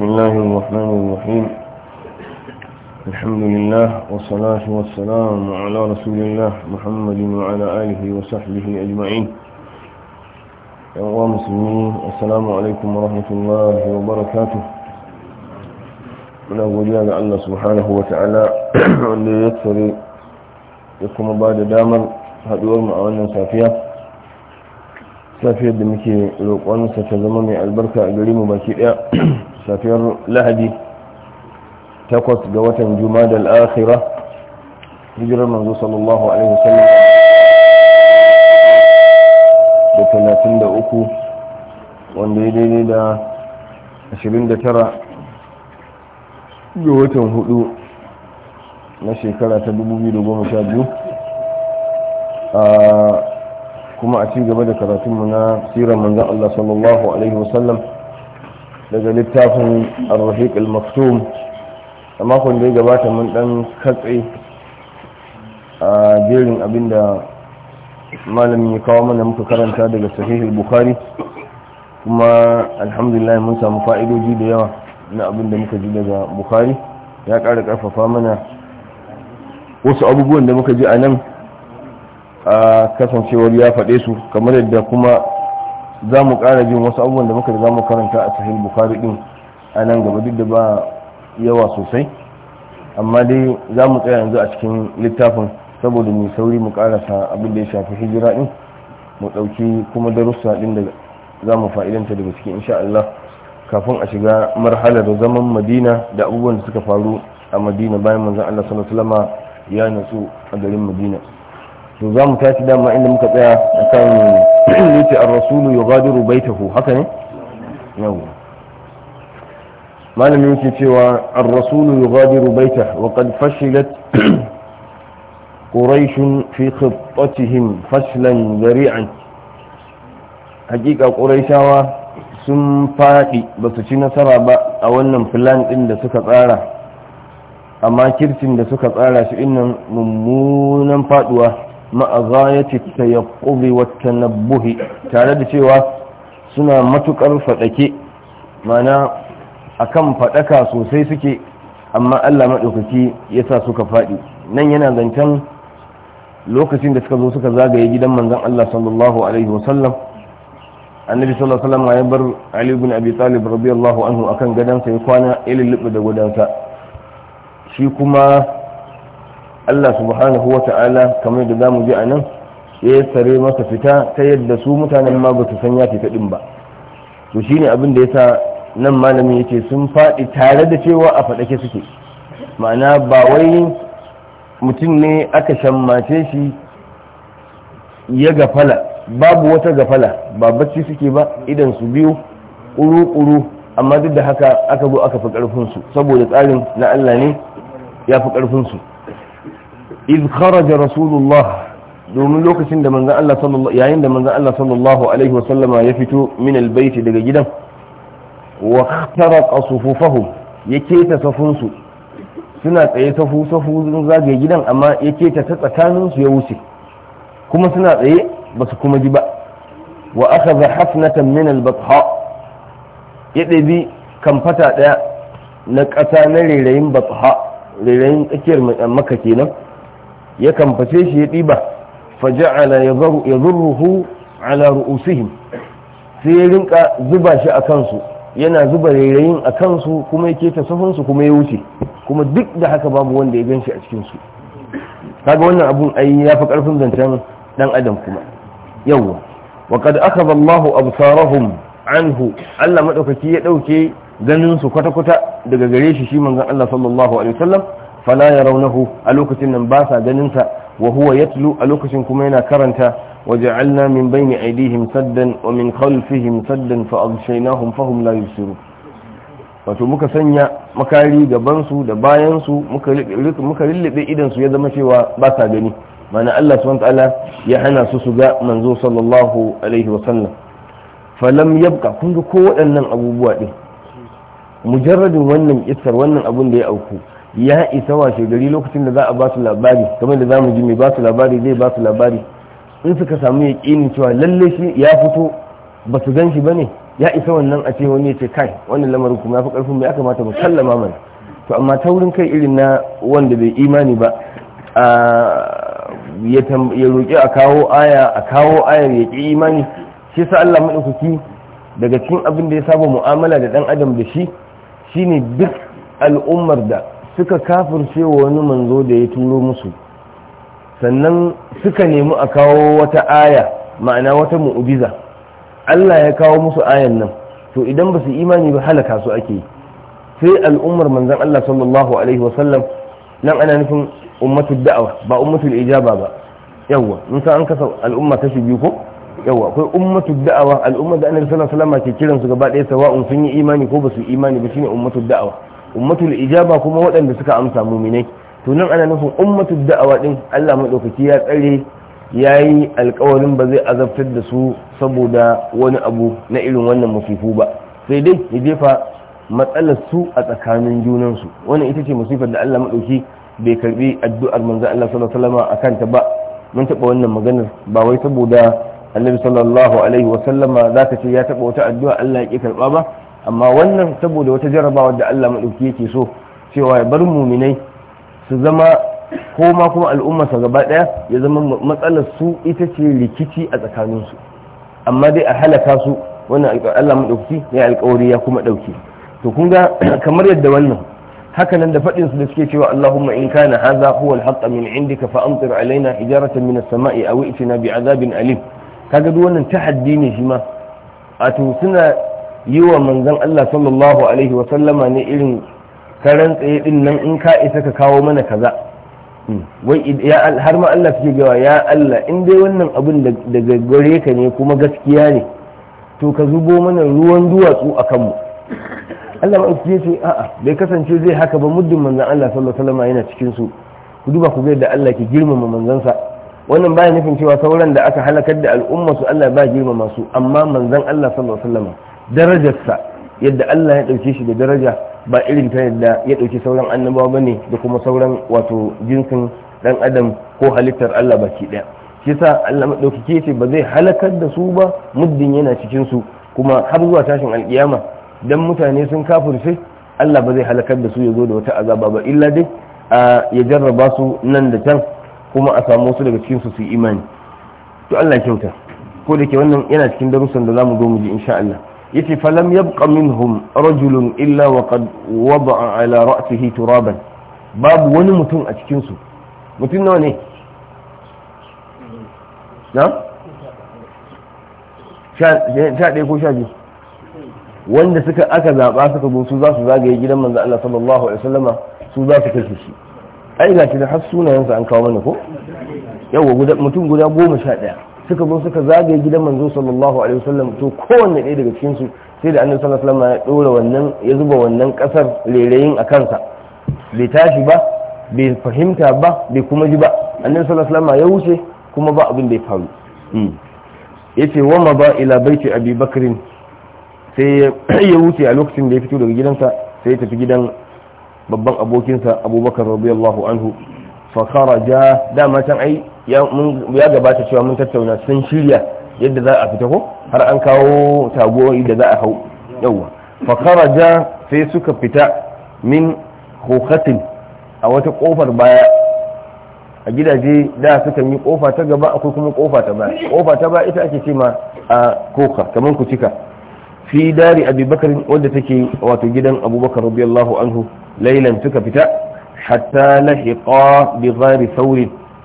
بسم الله الرحمن الرحيم الحمد لله والصلاة والسلام على رسول الله محمد وعلى آله وصحبه أجمعين يا مسلمين السلام عليكم ورحمة الله وبركاته muna godiya ga Allah subhanahu wa ta'ala wanda ya tsare ya kuma ba da damar haduwar mu a wannan safiya safiyar da muke roƙonsa ta zama mai albarka a gare baki ɗaya safiyar lahadi takwas ga watan juma da akhira hijirar manzo sallallahu alaihi wasallam da talatin da uku wanda ya daidai da ashirin da tara ga watan hudu na shekara ta dubu biyu da goma sha biyu kuma a ci gaba da karatunmu na sirar manzan Allah sallallahu alaihi wasallam daga littafin al rahiq al-maktum a makon da ya gabata mun dan katse a jerin abinda malamin ya kawo mana muka karanta daga sahih al-bukhari kuma alhamdulillah mun samu fa'idoji da yawa na abinda muka ji daga bukhari ya kara karfafa mana wasu abubuwan da muka ji a nan a kasancewar ya faɗe su kamar yadda kuma za mu kara jin wasu abubuwan da muka riga mu karanta a cikin bukari din a nan gaba duk da ba yawa sosai amma dai za mu tsaya yanzu a cikin littafin saboda mai sauri mu kara karasa abin da ya shafi hijira din mu ɗauki kuma darussa din da za mu fa'idanta daga cikin insha Allah kafin a shiga marhalar zaman madina da abubuwan da suka faru a madina bayan manzon Allah sallallahu alaihi ya nutsu a garin madina to za mu tashi dama inda muka tsaya akan yace ar-rasulu yughadiru baitahu haka ne yawa malamin yake cewa ar-rasulu yughadiru baitahu wa qad fashilat quraish fi khittatihim fashlan zari'an hakika quraishawa sun faɗi ba su ci nasara ba a wannan filan ɗin da suka tsara amma kircin da suka tsara shi innan mummunan faɗuwa ma'azayati tayaqqubi wa buhi tare da cewa suna matukar faɗake mana akan faɗaka sosai suke amma Allah madaukaki yasa suka fadi nan yana zancen lokacin da suka zo suka zagaye gidan manzan Allah sallallahu alaihi wasallam annabi sallallahu alaihi wasallam ya bar Ali ibn Abi Talib radiyallahu anhu akan gadansa ya kwana ya da gudansa shi kuma Allah subhanahu wa ta'ala kamar da zamu ji a nan ya tsare masa fita ta yadda su mutanen ma ba su san ya fita din ba to shine abin da yasa nan malamin yace sun faɗi tare da cewa a faɗake suke ma'ana ba wai mutum ne aka shammace shi ya gafala babu wata gafala ba bacci suke ba idan su biyu kuru-kuru. amma duk da haka aka zo aka fi ƙarfinsu saboda tsarin na Allah ne ya fi ƙarfinsu iz kharaja rasulullah domin lokacin da manzan Allah sallallahu yayin da manzan Allah sallallahu alaihi wa sallama ya fito min albayti daga gidan wa ikhtaraqa yake ta keta safunsu suna tsaye safu safu sun zagaye gidan amma yake keta ta tsakanin su ya wuce kuma suna tsaye ba su kuma ji ba wa akhadha hafnatan min albatha ya ɗabi kamfata daya na kasa na rairayin batha rairayin tsakiyar maka kenan ya kamface shi ya ɗiba faja'ala ya zurruhu ala ru'usihim sai ya rinka zuba shi a kansu yana zuba rairayin a kansu kuma ya keta sahunsu kuma ya wuce kuma duk da haka babu wanda ya ganshi a cikinsu kaga wannan abun ai ya fi karfin zancen dan adam kuma yawwa wa kad akhadha Allahu absarahum anhu Allah madaukaki ya dauke ganin su kwata-kwata daga gare shi shi manzon Allah sallallahu alaihi wasallam fala raunahu a lokacin nan ba sa ganin sa wa huwa yatlu a lokacin kuma yana karanta ja'alna min bayni aydihim saddan wa min khalfihim saddan fa aghshaynahum fahum la yusiru wato muka sanya makari gaban su da bayan su muka lullube idan su ya zama cewa ba sa gani mana Allah subhanahu ta'ala ya hana su su ga manzo sallallahu alaihi wa fa falam yabqa kun ga ko waɗannan abubuwa din mujarradin wannan kissar wannan abun da ya auku ya isa washe gari lokacin da za a ba su labari kamar da za mu ji mai ba su labari zai ba su labari in suka samu ya ƙini cewa lalle shi ya fito ba su gan shi ba ne ya isa wannan a ce wani ya ce kai wannan lamarin kuma ya fi ƙarfin mai ya kamata mu sallama mana to amma ta wurin kai irin na wanda bai imani ba ya roƙi a kawo aya a kawo ayar ya ƙi imani shi sa Allah maɗaukaki daga cikin abin da ya saba mu'amala da ɗan adam da shi shine duk al'ummar da suka kafirce wa wani manzo da ya turo musu sannan suka nemi a kawo wata aya ma'ana wata mu'ujiza Allah ya kawo musu ayan nan to idan ba su imani ba halaka su ake sai al'ummar manzon Allah sallallahu alaihi wasallam nan ana nufin ummatu da'awa ba ummatu ijaba ba yawwa in sa an kasa al'umma ta shi biyu ko yawa akwai ummatu da'awa al'umma da annabi sallallahu alaihi wasallam ke kiran su gaba ɗaya sawa'un sun yi imani ko ba su imani ba shine ummatu da'awa ummatul ijaba kuma waɗanda suka amsa muminai to nan ana nufin ummatul da'awa din Allah madaukaki ya tsare yayi alƙawarin ba zai azabtar da su saboda wani abu na irin wannan musifu ba sai dai ya jefa matsalar su a tsakanin junan su wannan ita ce musifar da Allah madauki bai karbi addu'ar manzo Allah sallallahu alaihi wasallam akan ta ba mun taba wannan maganar ba wai saboda Annabi sallallahu alaihi wasallama zaka ce ya taba wata addu'a Allah ya ke karba ba amma wannan saboda wata jarrabawa da Allah maɗauki yake so cewa ya bar muminai su zama ko ma kuma al'ummarsa gaba ɗaya ya zama matsalar su ita ce rikici a tsakaninsu amma dai a halaka su wannan Allah maɗauki ya alƙawari ya kuma ɗauki to kun ga kamar yadda wannan haka nan da faɗin su da suke cewa Allahumma in kana haza huwa al-haqq min indika fa amtir alaina hijaratan min as-sama'i aw itina bi'adabin alim kaga duk wannan tahaddi ne shi ma to suna yi wa manzan Allah sallallahu alaihi wa sallama ne irin karen tsaye din nan in ka isa ka kawo mana kaza hmm. wai har ma Allah suke gawa ya Allah in dai wannan abin daga gare ka ne kuma gaskiya ne to ka zubo mana ruwan duwatsu a kanmu Allah ma'aiki ya ce a'a bai kasance zai haka ba muddin manzan Allah sallallahu alaihi yana cikin su ku duba ku ga yadda Allah ke girmama manzansa wannan baya nufin cewa sauran da aka halakar da al'umma su Allah ba girmama su amma manzan Allah sallallahu alaihi wasallam darajarsa yadda Allah ya ɗauke shi da daraja ba irin ta yadda ya ɗauki sauran annabawa ba ne da kuma sauran wato jinsin ɗan adam ko halittar Allah baki ɗaya shi sa Allah maɗaukake ce ba zai halakar da su ba muddin yana cikin kuma har zuwa tashin alƙiyama dan mutane sun kafirce Allah ba zai halakar da su ya zo da wata azaba ba illa dai ya jarraba su nan da can kuma a samu wasu daga cikinsu su su imani to Allah kyauta ko da ke wannan yana cikin darussan da zamu zo mu ji insha Allah yace falam yabqa minhum rajulun illa wa qad wada'a ala ra'sihi turaban babu wani mutum a cikin su mutum nawa ne na sha ɗaya ko sha biyu wanda suka aka zaɓa suka zo su za su zagaye gidan manzo Allah sallallahu alaihi wasallama su za su kashe shi ai ga shi da har sunayensa an kawo mana ko yawa mutum guda goma sha ɗaya suka zo suka zagaye gidan manzo sallallahu alaihi wasallam to kowanne ɗaya daga cikin su sai da annabi sallallahu alaihi wasallam ya dora wannan ya zuba wannan kasar lerayin a kansa bai tashi ba bai fahimta ba bai kuma ji ba annabi sallallahu alaihi wasallam ya wuce kuma ba abin da ya faru hmm. yace wa ma ba ila baiti abi bakr sai ya wuce a lokacin da ya fito daga gidansa sai ya tafi gidan babban abokinsa abubakar radiyallahu anhu fakaraja dama can ai ya gabata cewa mun tattauna sun shirya yadda za a fita ko har an kawo tagoyi da za a hau fakara ja sai suka fita min hukatin a wata kofar baya a gidaje da suka yi kofa ta gaba akwai kuma kofa ta baya kofa ta baya ita ake ce ma a koka kamar ku cika fi dari abubakar wadda take wato gidan abubakar rabiyallahu anhu lailan suka fita hatta lahiqa bi ghari thawr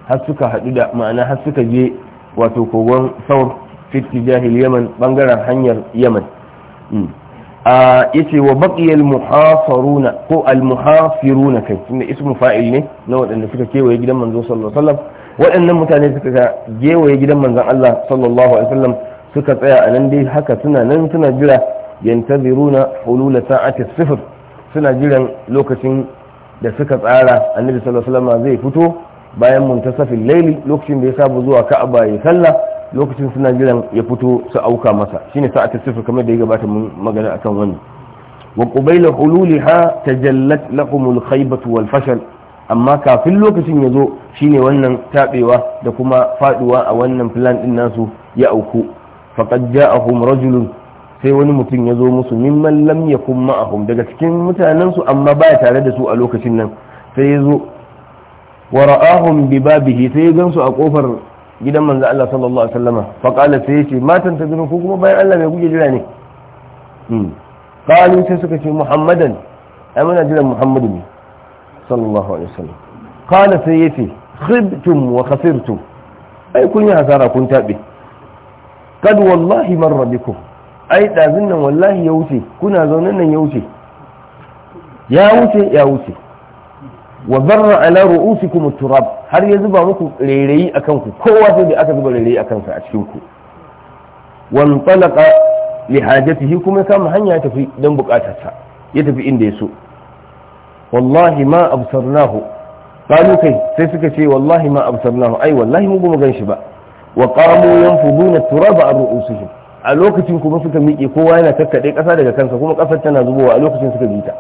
har suka hadu da ma'ana har suka je wato kogon saur fi jahil yaman bangaren hanyar yaman hmm. a yace wa baqiya al ko al muhasiruna kai tunda ismu fa'il ne na waɗanda suka kewaye gidan manzo sallallahu alaihi wasallam waɗannan mutane suka gewaye gidan manzon Allah sallallahu alaihi wasallam suka tsaya a nan dai haka suna nan suna jira yantaziruna hulula sa'ati sifir suna jiran lokacin da suka tsara annabi sallallahu alaihi wasallam zai fito bayan muntasafin laili lokacin da ya saba zuwa ka'aba ya sallah lokacin suna jiran ya fito su auka masa shine ta sifir kamar da ya gabata mun magana akan wannan wa qubayla hululiha tajallat lakumul khaybatu wal fashal amma kafin lokacin ya zo shine wannan tabewa da kuma faduwa a wannan plan din nasu ya auku faqad ja'ahum rajulun sai wani mutum ya zo musu mimman lam yakun ma'ahum daga cikin mutanensu amma ba ya tare da su a lokacin nan sai ya zo wa ra'ahum bi babihi sai ya gansu a kofar gidan manzo Allah sallallahu alaihi wasallama fa qala sai yace matan ta ko kuma bayan Allah mai guje jira ne hmm qalu sai suka ce muhammadan ai muna jiran muhammadu ne sallallahu alaihi wasallam qala sai yace khibtum wa khasirtum ai kun yi hasara kun tabe kad wallahi marra bikum ai ɗazin nan wallahi ya wuce kuna zaunan nan ya wuce ya wuce ya wuce wa zarra ala ru'usikum turab har ya zuba muku rairayi akan ku kowa sai da aka zuba rairayi akan sa a cikin ku wan talaqa li hajatihi kuma kama hanya ya tafi dan bukatarsa ya tafi inda ya so wallahi ma absarnahu qalu kai sai suka ce wallahi ma absarnahu ai wallahi mu ba mu gan shi ba wa qamu yanfuduna turaba an ru'usihim a lokacin kuma suka miƙe kowa yana kakkaɗe ƙasa daga kansa kuma ƙasar tana zubowa a lokacin suka bi ta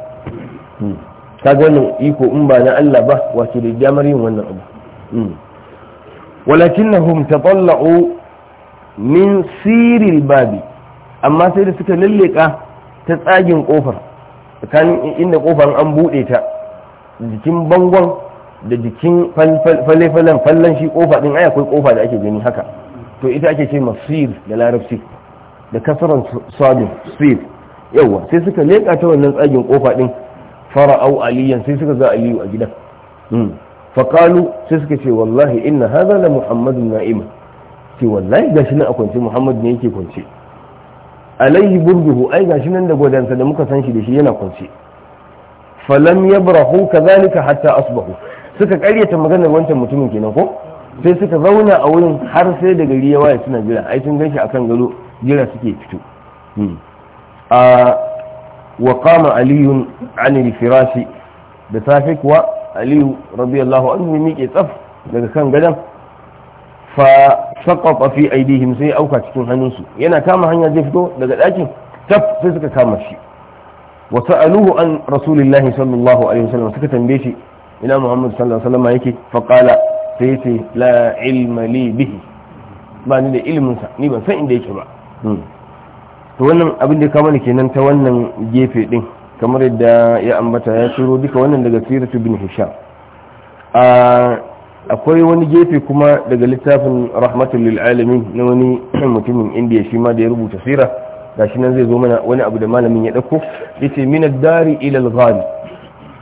ta hmm. wannan iko in ba na Allah ba wace da damar yin wannan abu walakin hmm. walakinnahum tatalla'u min siril babi amma sai da suka lalleka ta tsagin kofar tsakanin inda kofar an buɗe ta jikin bangon da jikin fale-falen shi kofa din ai akwai kofa da ake gani haka to ita ake ce masir da larabci da kasaran sabin speed yawa sai suka leƙa ta wannan tsagin kofa din fara'au aliyan sai suka za aliyu a gidan hmm. faƙalu sai suka ce wallahi inna haza la Muhammadu na'ima ce wallahi shi nan a kwance Muhammadu ne yake kwance alaihi burduhu ai shi nan da gwadansa da muka san shi da shi yana kwance falam ya yabrahu kazalika hatta asbahu suka karyata maganar wancan mutumin kenan ko sai suka zauna a wurin har sai da gari ya waye suna jira ai sun shi akan gado jira suke fito hmm. a wa kama aliyun anil firashi da safe kuwa aliyu an anhu miƙe tsaf daga kan gadon fa saqata fi aidihim sai auka cikin hannunsu yana kama hanya zai fito daga ɗakin taf sai suka kama shi wa sa'aluhu an rasulillahi sallallahu alaihi wasallam suka tambaye shi ina muhammad sallallahu alaihi wasallam yake fa qala sai la ilma li bihi ba ni da ilimin sa ni ban san inda yake ba Hmm. to wannan abin da kama kenan ta wannan gefe din kamar yadda ya ambata ya ciro duka wannan daga siratu bin hisham akwai wani gefe kuma daga littafin rahmatul lil alamin na wani mutumin indiya shi ma da ya rubuta sira gashi nan zai zo mana wani abu da malamin ya dauko yace min ad-dari ila al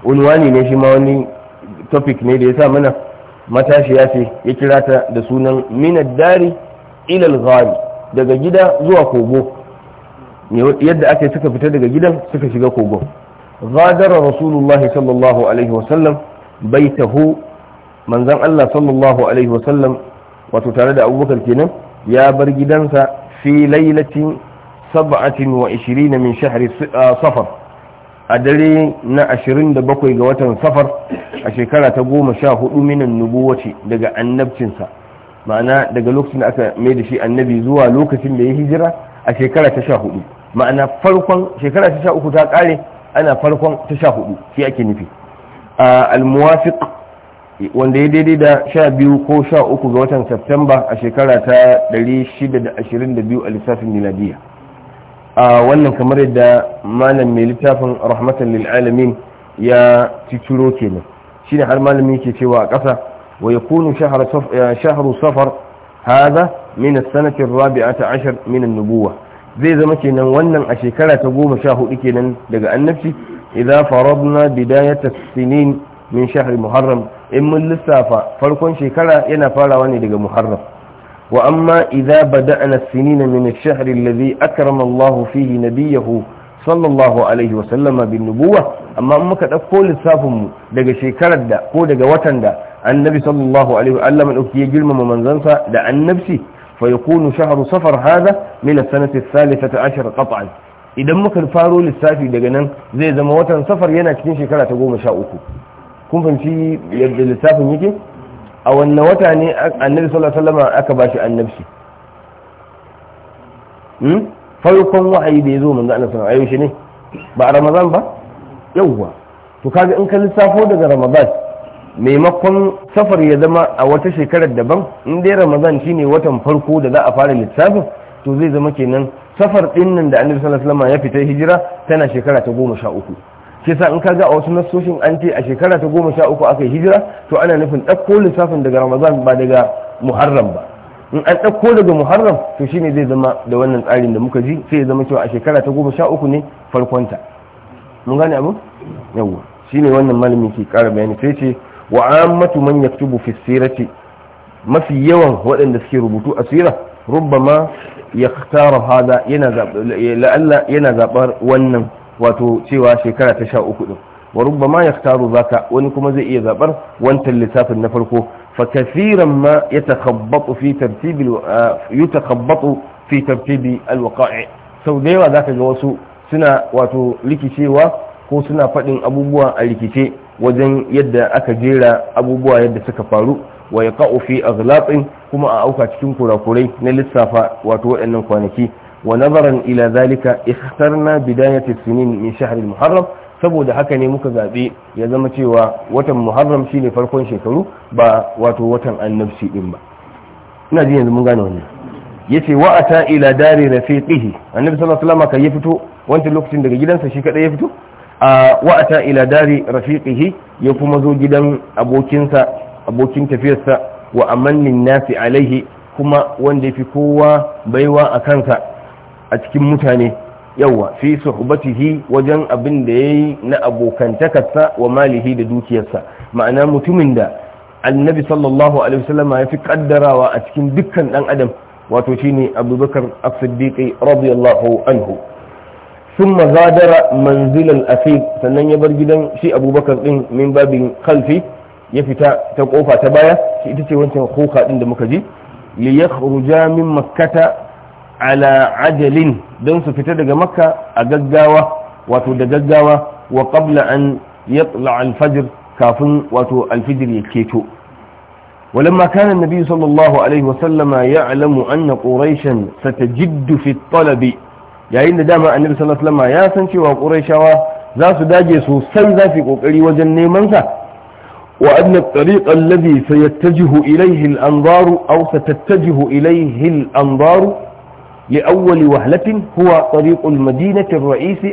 unwani ne shi ma wani topic ne da ya sa mana matashiya ce ya kira ta da sunan min ad-dari ila al daga gida zuwa kogo yadda aka suka fita daga gidan suka shiga kogon zadara rasulullahi sallallahu alaihi wasallam bai manzan allah sallallahu alaihi wasallam wato tare da abubakar kenan ya bar gidansa fi lailatin saba'atin wa ishirin min shahari ah, safar a dare na ashirin da bakwai ga watan safar a shekara ta goma sha hudu minan nubuwaci daga annabcinsa ma'ana daga lokacin da aka mai da shi annabi zuwa lokacin da ya hijira a shekara ta sha hudu ma'ana farkon shekara ta sha uku ta kare ana farkon ta sha hudu shi ake nufi a muwafiq wanda ya daidai da sha biyu ko sha uku ga watan september a shekara ta 622 a lissafin miladiya a wannan kamar yadda malam mai littafin rahmatan lil'alamin ya ciciro kenan shine har malami ke cewa a ƙasa ويكون شهر صفر, شهر صفر هذا من السنة ta عشر من النبوة زي زما kenan wannan a shekara ta goma sha hudu kenan daga annabci idza faradna bidayat as-sinin min shahr muharram in mun lissafa farkon shekara yana farawa ne daga muharram wa amma idza bada'na as-sinin min ash-shahr alladhi akrama Allah fihi nabiyahu sallallahu alaihi wa sallama bin nubuwa amma in muka dauko lissafin mu daga shekarar da ko daga watan da annabi sallallahu alaihi wa dauki ya girmama manzansa da annabci fa yakunu shahru safar hada min as-sanati ath-thalithati ashar qat'an idan muka faro lissafi daga nan zai zama watan safar yana cikin shekara ta goma sha uku kun fahimci yadda lissafin yake a wanne wata ne annabi sallallahu alaihi wasallam aka bashi annabci hmm farkon wahayi da yazo manzo Allah sallallahu alaihi wasallam ne ba a ramadan ba yawwa to kaga in ka lissafo daga ramadan maimakon safar ya zama a wata shekarar daban in dai ramadan shine watan farko da za a fara lissafin to zai zama kenan safar din da annabi sallallahu alaihi wasallam ya fita hijira tana shekara ta goma sha uku shi sa in ga a wasu nasoshin an ce a shekara ta goma sha uku aka yi hijira to ana nufin ɗauko lissafin daga ramadan ba daga muharram ba in an ɗauko daga muharram to shine zai zama da wannan tsarin da muka ji sai ya zama cewa a shekara ta goma sha uku ne farkonta mun gane abu yawwa shine wannan malami ke ƙara bayani sai ce wa ammatu man yaktubu fi sirati mafi yawan waɗanda suke rubutu a sira rubbama yakhtara hada yana la'alla yana zabar wannan wato cewa shekara ta 13 din wa rubbama yaktaru zaka wani kuma zai iya zabar wancan lissafin na farko fa kaseeran ma yatakhabbatu fi tartibi yatakhabbatu fi alwaqa'i sau da yawa zaka ga wasu suna wato rikicewa ko suna faɗin abubuwa a rikice wajen yadda aka jera abubuwa yadda suka faru wa ya a fi kuma a auka cikin kurakurai na lissafa wato waɗannan kwanaki wa nazaran ila zalika ikhtarna bidayat as-sinin min shahr muharram saboda haka ne muka zaɓe ya zama cewa watan muharram shine farkon shekaru ba wato watan annabci din ba ina ji yanzu mun gane wannan yace wa ata ila dari rafiqihi annabi sallallahu alaihi wasallam ka ya fito wancan lokacin daga gidansa shi kaɗai ya fito A wa'ata ila dari rafiqihi ya kuma zo gidan abokinsa abokin tafiyarsa wa amannin nasi alaihi kuma wanda yafi kowa baiwa a kansa a cikin mutane yawa fi suhbatihi wajen abin da yayi na abokantakarsa wa malihi da dukiyarsa ma'ana mutumin da annabi sallallahu alaihi wasallam ya fi kaddarawa a cikin dukkan dan adam wato shine abubakar as-siddiqi radiyallahu anhu sun mazadara manzilan afiq sannan ya bar gidan shi abubakar din min babin khalfi ya fita ta kofa ta baya shi ita ce wancan kuka din da muka ji li yakhruja min makkata ala ajalin don su fita daga makka a gaggawa wato da gaggawa wa qabla an yatla al-fajr kafin wato al-fajr ya keto ولما كان النبي صلى الله عليه وسلم يعلم أن قريشا ستجد في الطلب yayin da dama annabi sallallahu alaihi wasallam ya san cewa quraishawa za su dage sosai za su yi kokari wajen neman sa wa adna at-tariq alladhi sayattajihu ilayhi al-anzar aw satattajihu ilayhi al-anzar لأول وهلة هو طريق المدينة الرئيسي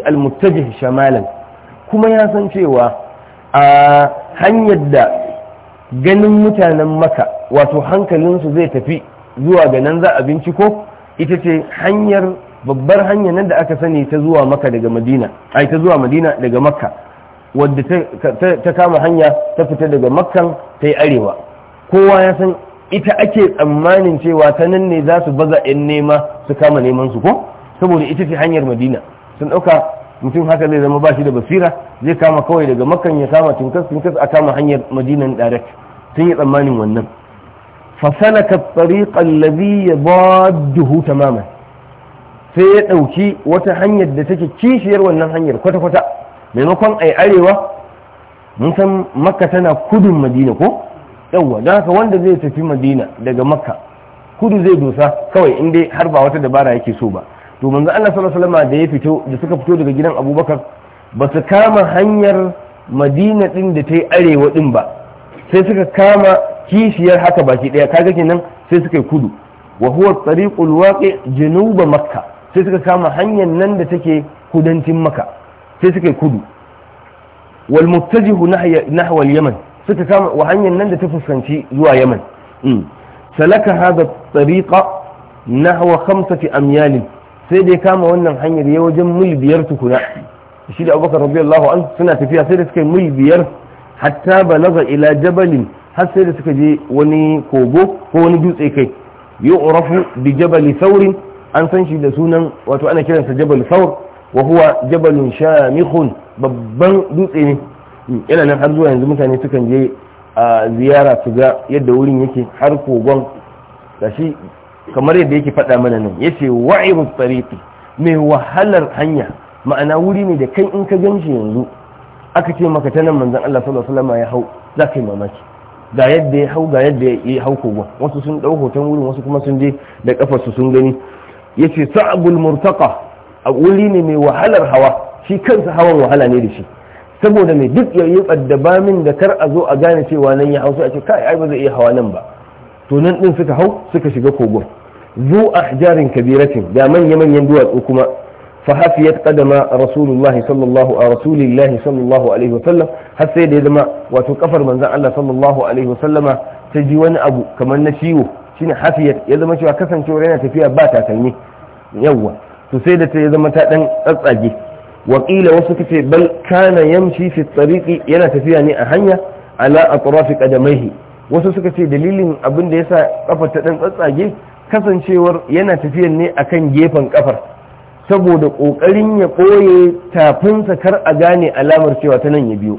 kuma ya san cewa a hanyar da ganin mutanen maka wato hankalinsu zai tafi zuwa ganin za a binciko ita ce hanyar babbar hanya nan da aka sani ta zuwa maka daga madina ai ta zuwa madina daga makka wadda ta kama hanya ta fita daga makkan ta yi arewa kowa ya san ita ake tsammanin cewa ta nan ne za su baza 'yan nema su kama neman su ko saboda ita ce hanyar madina sun ɗauka mutum haka zai zama bashi da basira zai kama kawai daga makkan ya kama tinkas tinkas a kama hanyar madina direct sun yi tsammanin wannan fasalaka tariqan ba duhu tamaman sai ya ɗauki wata hanyar da take kishiyar wannan hanyar kwata-kwata maimakon ai arewa mun san makka tana kudun madina ko yawwa don haka wanda zai tafi madina daga makka kudu zai dosa kawai in dai har ba wata dabara yake so ba to manzo Allah sallallahu alaihi wasallam da ya fito da suka fito daga gidan Abubakar ba su kama hanyar Madina din da ta yi arewa din ba sai suka kama kishiyar haka baki daya kaga kenan sai suka yi kudu wa huwa tariqul waqi junuba makkah sai suka kama hanyar nan da take kudancin maka sai suka yi kudu wal muttajihu nahwa yaman suka kama wa hanyar nan da ta fuskanci zuwa yaman mm. salaka hadha tariqa nahwa khamsati amyal sai dai kama wannan hanyar ya wajen mil biyar tukuna shi da abubakar radiyallahu an suna tafiya sai da suka yi mil biyar hatta balaga ila jabalin har sai da suka je wani kogo ko wani dutse kai yu'rafu bi jabali saurin an san shi da sunan wato ana kiransa jabal saur wa huwa jabalun shamikhun babban dutse ne ina hmm, nan har zuwa yanzu mutane sukan je a ziyara su ga yadda wurin yake har kogon gashi kamar yadda yake faɗa mana nan yace wa'ibu tariqi mai wahalar hanya ma'ana wuri ne da kai in ka ganshi yanzu aka ce maka ta nan manzon Allah sallallahu alaihi wasallam ya hau za ka yi mamaki ga yadda ya hau ga yadda ya hau kogon wasu sun ɗau hoton wurin wasu kuma sun je da kafarsu sun gani yace sa'bul murtaqa a wuri ne mai wahalar hawa shi kansa hawan wahala ne da shi saboda mai duk ya yi tsaddaba min da kar a zo a gane cewa nan ya hau sai a ce kai ai ba zai iya hawa nan ba to nan din suka hau suka shiga kogon zu jarin kabiratin da manya manyan duwatsu kuma fa hafiyat qadama rasulullah sallallahu a rasulillah sallallahu alaihi wasallam har sai da ya zama wato kafar manzon Allah sallallahu alaihi wasallama ta ji wani abu kamar na ciwo shine hafiyar ya zama cewa kasancewar yana tafiya ba takalmi yawwa to sai da ta ya zama ta dan tsatsage wakila wasu kace bal kana yamshi fi tariqi yana tafiya ne a hanya ala atrafi qadamaihi wasu suka ce dalilin abin da yasa kafar ta dan tsatsage kasancewar yana tafiya ne akan gefen kafar saboda kokarin ya koye tafinsa kar a gane alamar cewa ta nan ya biyo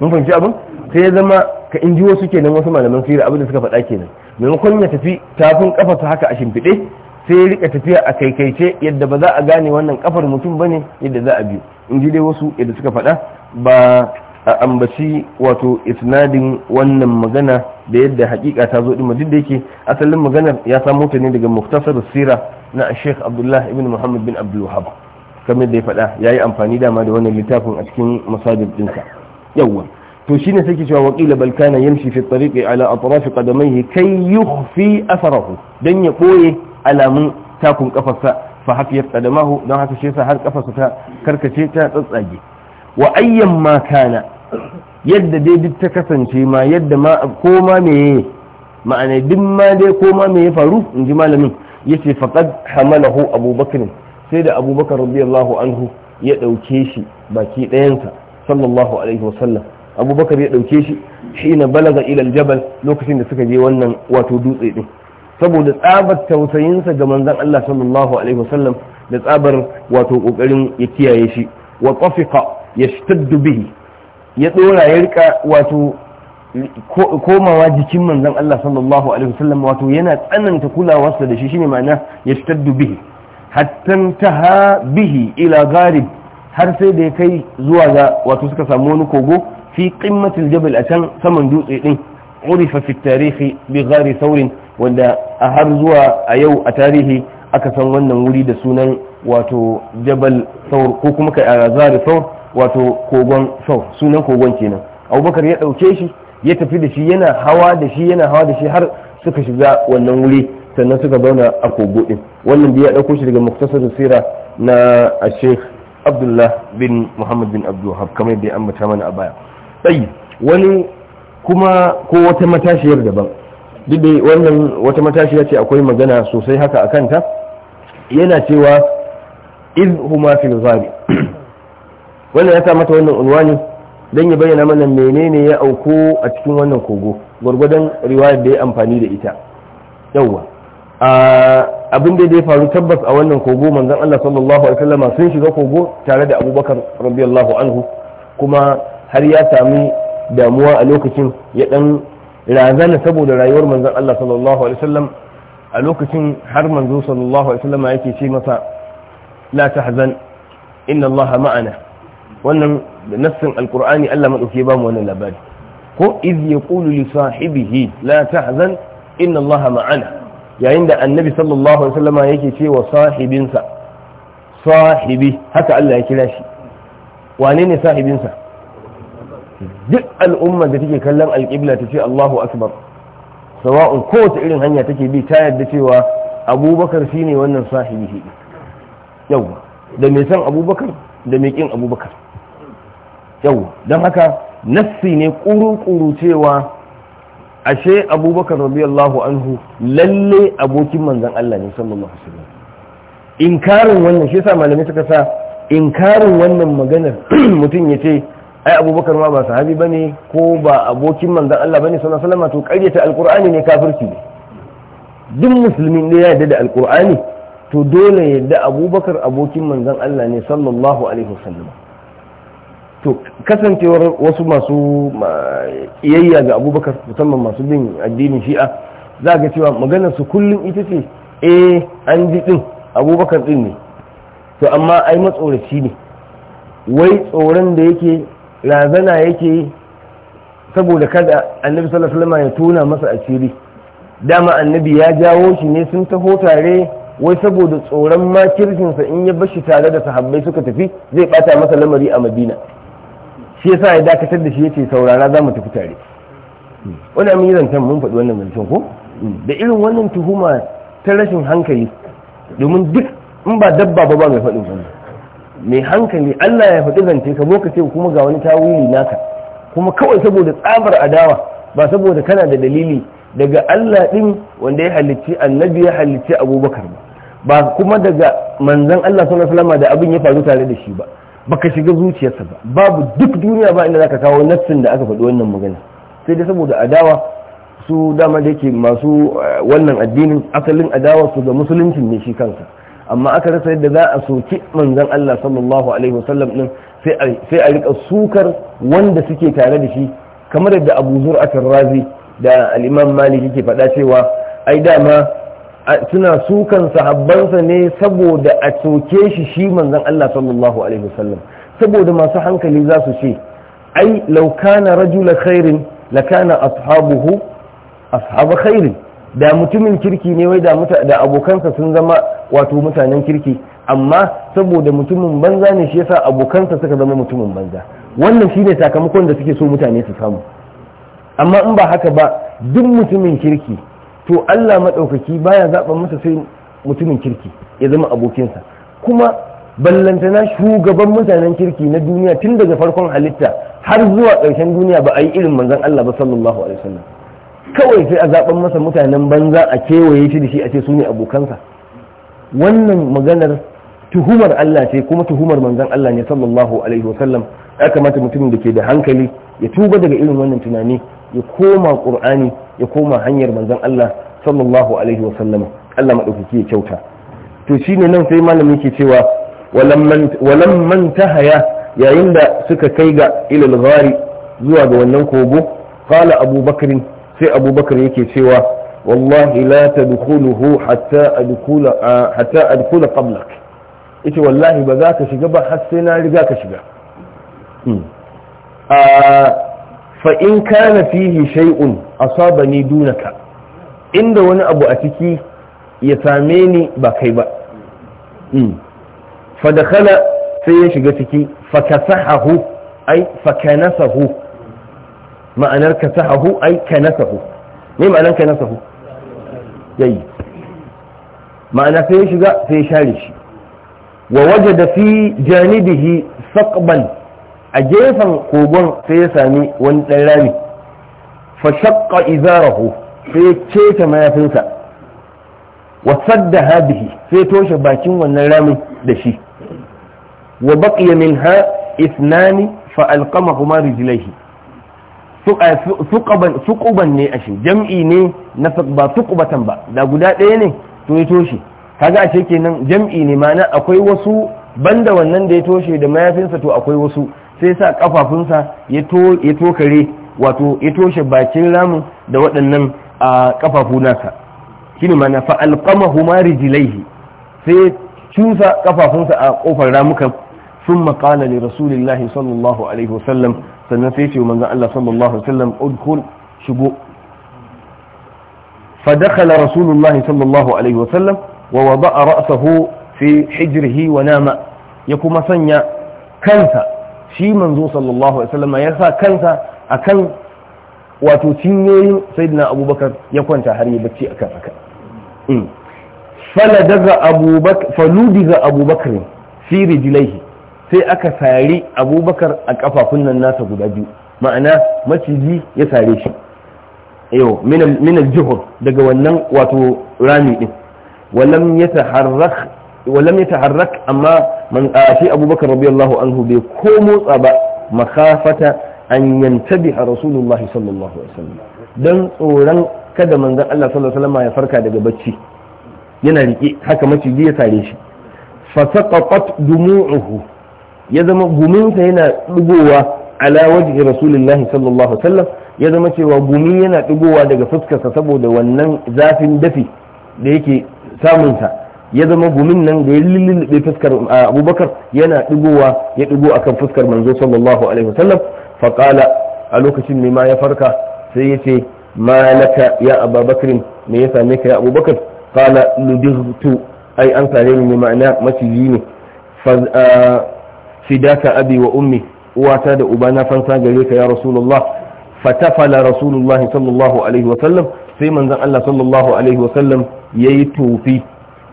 mun fahimci abin sai ya zama ka inji wasu kenan wasu malaman sirri abin da suka faɗa kenan maimakon ya tafi tafin kafarsa haka a shimfiɗe sai ya rika tafiya a kaikaice yadda ba za a gane wannan kafar mutum ba ne yadda za a biyu in ji dai wasu yadda suka faɗa ba a ambaci wato isnadin wannan magana da yadda hakika ta zo ɗin duk da yake asalin maganar ya samo ta ne daga muktasar sira na sheikh abdullah ibn muhammad bin abdul kamar da ya faɗa ya yi amfani dama da wannan littafin a cikin masajin ɗinsa yawwa to shine sai ke cewa wakila balkana kana yamshi fi tariqi ala atraf qadamayhi kay yukhfi atharahu dan ya koye alamun takun kafarsa fa hafiyat qadamahu dan haka shi yasa har kafarsa ta karkace ta tsatsage wa ayyan ma kana yadda dai duk ta kasance ma yadda ma ko ma meye ma'ana duk ma dai ko ma me ya faru in ji malamin yace faqad hamalahu abubakar sai da abubakar radiyallahu anhu ya dauke shi baki ɗayansa sallallahu alaihi wasallam abubakar ya ɗauke shi shi na balaga ilal jabal lokacin da suka je wannan wato dutse ɗin saboda tsabar tausayinsa ga manzon Allah sallallahu alaihi wasallam da tsabar wato kokarin ya kiyaye shi wa tafiqa yashtaddu bihi ya dora ya rika wato komawa jikin manzon Allah sallallahu alaihi wasallam wato yana tsananta kulawarsa da shi shine ma'ana yashtaddu bihi hatta taha bihi ila garib har sai da ya kai zuwa ga wato suka samu wani kogo fi qimmatil jabal a can saman dutse ɗin urifa fi tarihi bi ghari saurin wanda a har zuwa a yau a tarihi aka san wannan wuri da sunan wato jabal saur ko kuma kai azari saur wato kogon saur sunan kogon kenan abubakar ya ɗauke shi ya tafi da shi yana hawa da shi yana hawa da shi har suka shiga wannan wuri sannan suka zauna a kogo din wannan da ya dauko shi daga muktasar sira na sheikh abdullah bin muhammad bin abdul kamar yadda ya bata mana a baya tsayi wani kuma ko wata matashiyar daban duk da wannan wata matashiya ce akwai magana sosai haka a kanta yana cewa iz huma fil zabi wannan ya sa mata wannan unwani dan ya bayyana mana menene ya auko a cikin wannan kogo gwargwadon riwayar da ya amfani da ita yawwa abin da ya faru tabbas a wannan kogo manzon Allah sallallahu alaihi wasallam sun shiga kogo tare da Abubakar radiyallahu anhu kuma har ya sami damuwa a lokacin ya dan razana saboda rayuwar manzon Allah sallallahu alaihi wasallam a lokacin har manzo sallallahu alaihi wasallam yake ce masa la tahzan inna Allah ma'ana wannan da nassin alqur'ani Allah madauke ba mu wannan labari ko iz yaqulu li sahibihi la tahzan inna Allah ma'ana yayin da annabi sallallahu alaihi wasallam yake ce wa sahibinsa sahibi haka Allah ya kira shi wane ne sahibinsa duk al'ummar da take kallon alƙibla ta ce Allahu akbar sawa'un kowace irin hanya take bi ta yadda cewa abubakar shi ne wannan sahibi Yau, da mai san abubakar da mai kin abubakar Yau, don haka nassi ne ƙuru-ƙuru cewa ashe abubakar Allahu anhu lalle abokin manzan Allah ne sallallahu alaihi In inkarin wannan shi sa malamai suka sa inkarin wannan maganar mutum ya ce ai abubakar ma ba sahabi ne ko ba abokin manzan Allah bane ne alaihi salama to karyata alkur'ani ne kafirci ne duk musulmin ne ya yarda da alkur'ani to dole yadda yarda abubakar abokin manzan Allah ne sallallahu alaihi wasallam to kasancewar wasu masu iyayya ga abubakar musamman masu bin addinin shi'a za ga cewa maganar su kullum ita ce eh an ji din abubakar din ne to amma ai matsoraci ne wai tsoron da yake razana yake saboda kada annabi sallallahu alaihi ya tona masa asiri dama annabi ya jawo shi ne sun taho tare wai saboda tsoron sa in ya bashi tare da sahabbai suka tafi zai bata masa lamari a madina shi yasa ya dakatar da shi yace saurara za mu tafi tare wani amin zantan mun faɗi wannan zancen ko da irin wannan tuhuma ta rashin hankali domin duk in ba dabba ba ba mai faɗin wannan mai hankali Allah ya faɗi zance ka zo ka ce kuma ga wani tawili naka kuma kawai saboda tsabar adawa ba saboda kana da dalili daga Allah din wanda ya halicci annabi ya halicci abubakar ba ba kuma daga manzan Allah suna alaihi da abin ya faru tare da shi ba ka shiga zuciyarsa ba babu duk duniya ba inda za ka kawo nassin da aka faɗi wannan magana sai dai saboda adawa su dama da yake masu eh, wannan addinin asalin adawa su ga musuluncin ne shi kansa amma aka rasa yadda za a soki manzon Allah sallallahu alaihi wasallam din sai a rika sukar wanda suke tare da shi kamar yadda Abu Zur'atul Razi da al-Imam Malik yake faɗa cewa ai dama suna sukan sahabbansa ne saboda a soke shi shi manzon Allah sallallahu alaihi wasallam saboda masu hankali za su ce ai law kana rajula khairin lakana ashabuhu ashab khairin da mutumin kirki ne wai da abokansa sun zama wato mutanen kirki amma saboda mutumin banza ne shi yasa abokansa suka zama mutumin banza wannan shine sakamakon da suke so mutane su samu amma in ba haka ba duk mutumin kirki to Allah maɗaukaki baya zaɓa masa sai mutumin kirki ya zama abokinsa kuma ballantana shugaban mutanen kirki na duniya tun daga farkon halitta har zuwa ƙarshen duniya ba a yi irin manzon Allah ba sallallahu alaihi wasallam kawai sai a zaben masa mutanen banza a kewaye shi da shi a ce su ne abokansa wannan maganar tuhumar Allah ce kuma tuhumar manzon Allah ne sallallahu alaihi wasallam ya kamata mutumin da ke da hankali ya tuba daga irin wannan tunani ya koma qur'ani ya koma hanyar manzan Allah sallallahu alaihi wasallam Allah madaukaki ya kyauta to shine nan sai malami ke cewa walam man tahaya yayin da suka kai ga ilal zuwa ga wannan kogo qala abubakarin sai abubakar yake cewa wallahi la tadkhuluhu hatta adkhula hatta adkhula qablak Ita wallahi ba za ka shiga ba har sai na riga ka shiga hmm. fa in kana fihi shay'un asabani dunaka inda wani abu a ciki ya same ni ba kai ba hmm. fa dakhala sai ya shiga ciki fa kasahahu ai fa kanasahu ma'anar ka sahahu ai ka nasahu me ma'anar ka nasahu yayi ma'ana sai ya shiga sai ya share shi wa wajada fi janibihi saqban a gefen kogon sai ya sami wani ɗan rami fa shaqqa izarahu sai ya mayafinsa wa saddaha bihi sai toshe bakin wannan ramin da shi wa baqiya minha ithnani fa alqamahuma rijlaihi suƙuban ne a shi jam'i ne na ba suƙubatan ba da guda ɗaya ne to ya toshe kaga a ke nan jam'i ne mana akwai wasu banda wannan da ya toshe da mayafinsa to akwai wasu sai sa kafafunsa ya tokare wato ya toshe bakin ramin da waɗannan a ƙafafu nasa shine mana fa alqamahu ma sai cusa ƙafafunsa a ƙofar ramukan sun maƙala ne rasulillahi sallallahu alaihi wasallam sannan sai ce manzan Allah sallallahu Alaihi wasallam shigo fa dakhala rasulullahi sallallahu alaihi wasallam wa wada'a ra'sahu fi hijrihi wa nama ya kuma sanya kansa shi manzo sallallahu alaihi wasallam ya sa kansa akan wato cinyoyin sayyidina abubakar ya kwanta har yi bacci akan haka hmm. falada ga abubakar falubi ga sai aka sari abubakar a kafafun nan nasa guda biyu ma'ana maciji ya sare shi yau minal jihur daga wannan wato rami din walam ya taharrak amma man shi abubakar radiyallahu anhu bai ko motsa ba makafata an yantabi a rasulullah sallallahu alaihi wasallam don tsoron kada manzon Allah sallallahu alaihi wasallam ya farka daga bacci yana rike haka maciji ya sare shi fa saqatat dumu'uhu ya zama guminsa yana ɗigowa ala wajhi rasulullahi sallallahu alaihi wasallam ya zama cewa gumi yana ɗigowa daga fuskarsa saboda wannan zafin dafi da yake samunsa ya zama gumin nan da ya lullube fuskar abubakar yana ɗigowa ya ɗigo akan fuskar manzo sallallahu alaihi wasallam faƙala a lokacin ne ma ya farka sai ya ce malaka ya ababakar me ya same ka ya abubakar qala ludirtu ai an tare ni ma'ana maciji ne fidaka abi wa ummi uwata da ubana fansa gare ka ya rasulullah fatafala rasulullah sallallahu alaihi wa sallam sai manzon Allah sallallahu alaihi wa sallam yayi tofi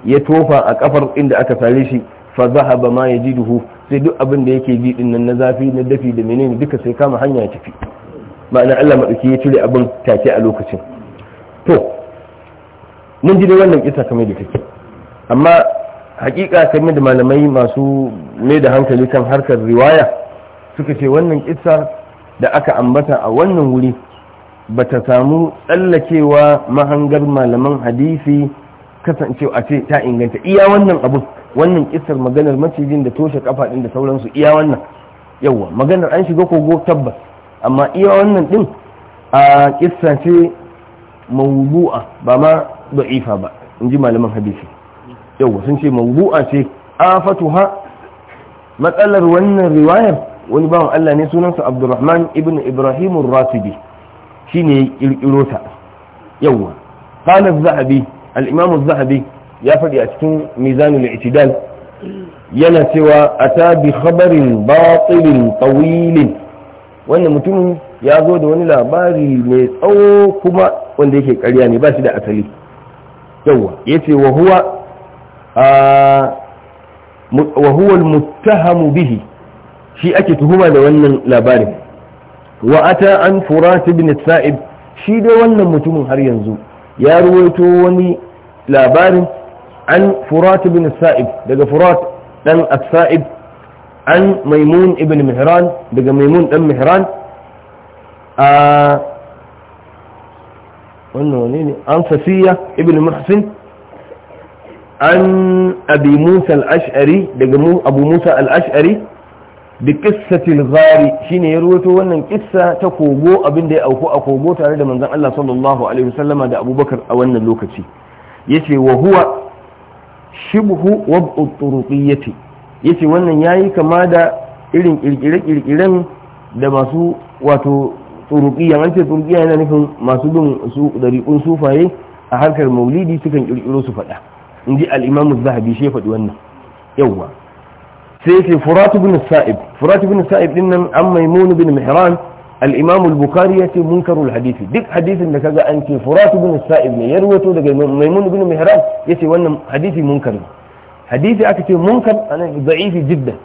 ya tofa a kafar inda aka sare shi fa zahaba ma yajiduhu sai duk abin da yake bi din nan na zafi na dafi da menene duka sai kama hanya ya tafi ma'ana Allah madauki ya cire abin take a lokacin to mun ji da wannan kisa kamar da take amma hakika kamar da malamai masu mai da hankali kan harkar riwaya suka ce wannan kissa da aka ambata a wannan wuri ba ta samu tsallakewa mahangar malaman hadisi kasancewa ce ta inganta iya wannan abu wannan kissar maganar macijin da toshe kafa din da sauransu iya wannan yawa maganar an shiga kogo tabbas amma iya wannan din a kissa ce mawdu'a ba ma da'ifa ba in ji malaman hadisi yau sun ce mawdu'a ce afatuha matsalar wannan riwayar wani bawan Allah ne sunansa Abdurrahman ibn Ibrahim rasibi shine ya kirkiro ta yawa zahabi al zahabi ya faɗi a cikin mizanin al-I'tidal yana cewa ata bi khabarin batilin tawilin wannan mutumin ya zo da wani labari mai tsawo kuma wanda yake karya ne ba shi da asali yawa ce wa huwa wa huwa al bihi shi ake tuhuma da wannan labarin wa ata an furat ibn sa'ib shi dai wannan mutumin har yanzu ya ruwaito wani labarin an furat ibn sa'ib daga furat dan as-sa'ib an maimun ibn mihran daga maimun dan mihran a wannan ne an fasiya ibn muhsin an abi musa al daga abu musa al-ash'ari bi qissatil ghari shine ya ruwato wannan kissa ta kogo abin da ya auku a kogo tare da manzan Allah sallallahu alaihi wasallama da abubakar a wannan lokaci yace wa huwa shibhu wab'u turuqiyyati yace wannan yayi kama da irin kirkire-kirkiren da masu wato turuqiyya an ce turuqiyya yana nufin masu bin su dariqun sufaye a harkar maulidi sukan kirkiro su fada in ji al'imamu zahabi shi faɗi wannan yawwa sai ce furatu bin sa'ib furatu bin sa'ib din nan an maimun bin mihran al'imamu bukari ya ce munkarul hadisi duk hadisin da kaga an ce furatu bin sa'ib ne ya ruwato daga maimun bin mihran ya ce wannan hadisi munkar hadisi aka ce munkar anan jidda jiddan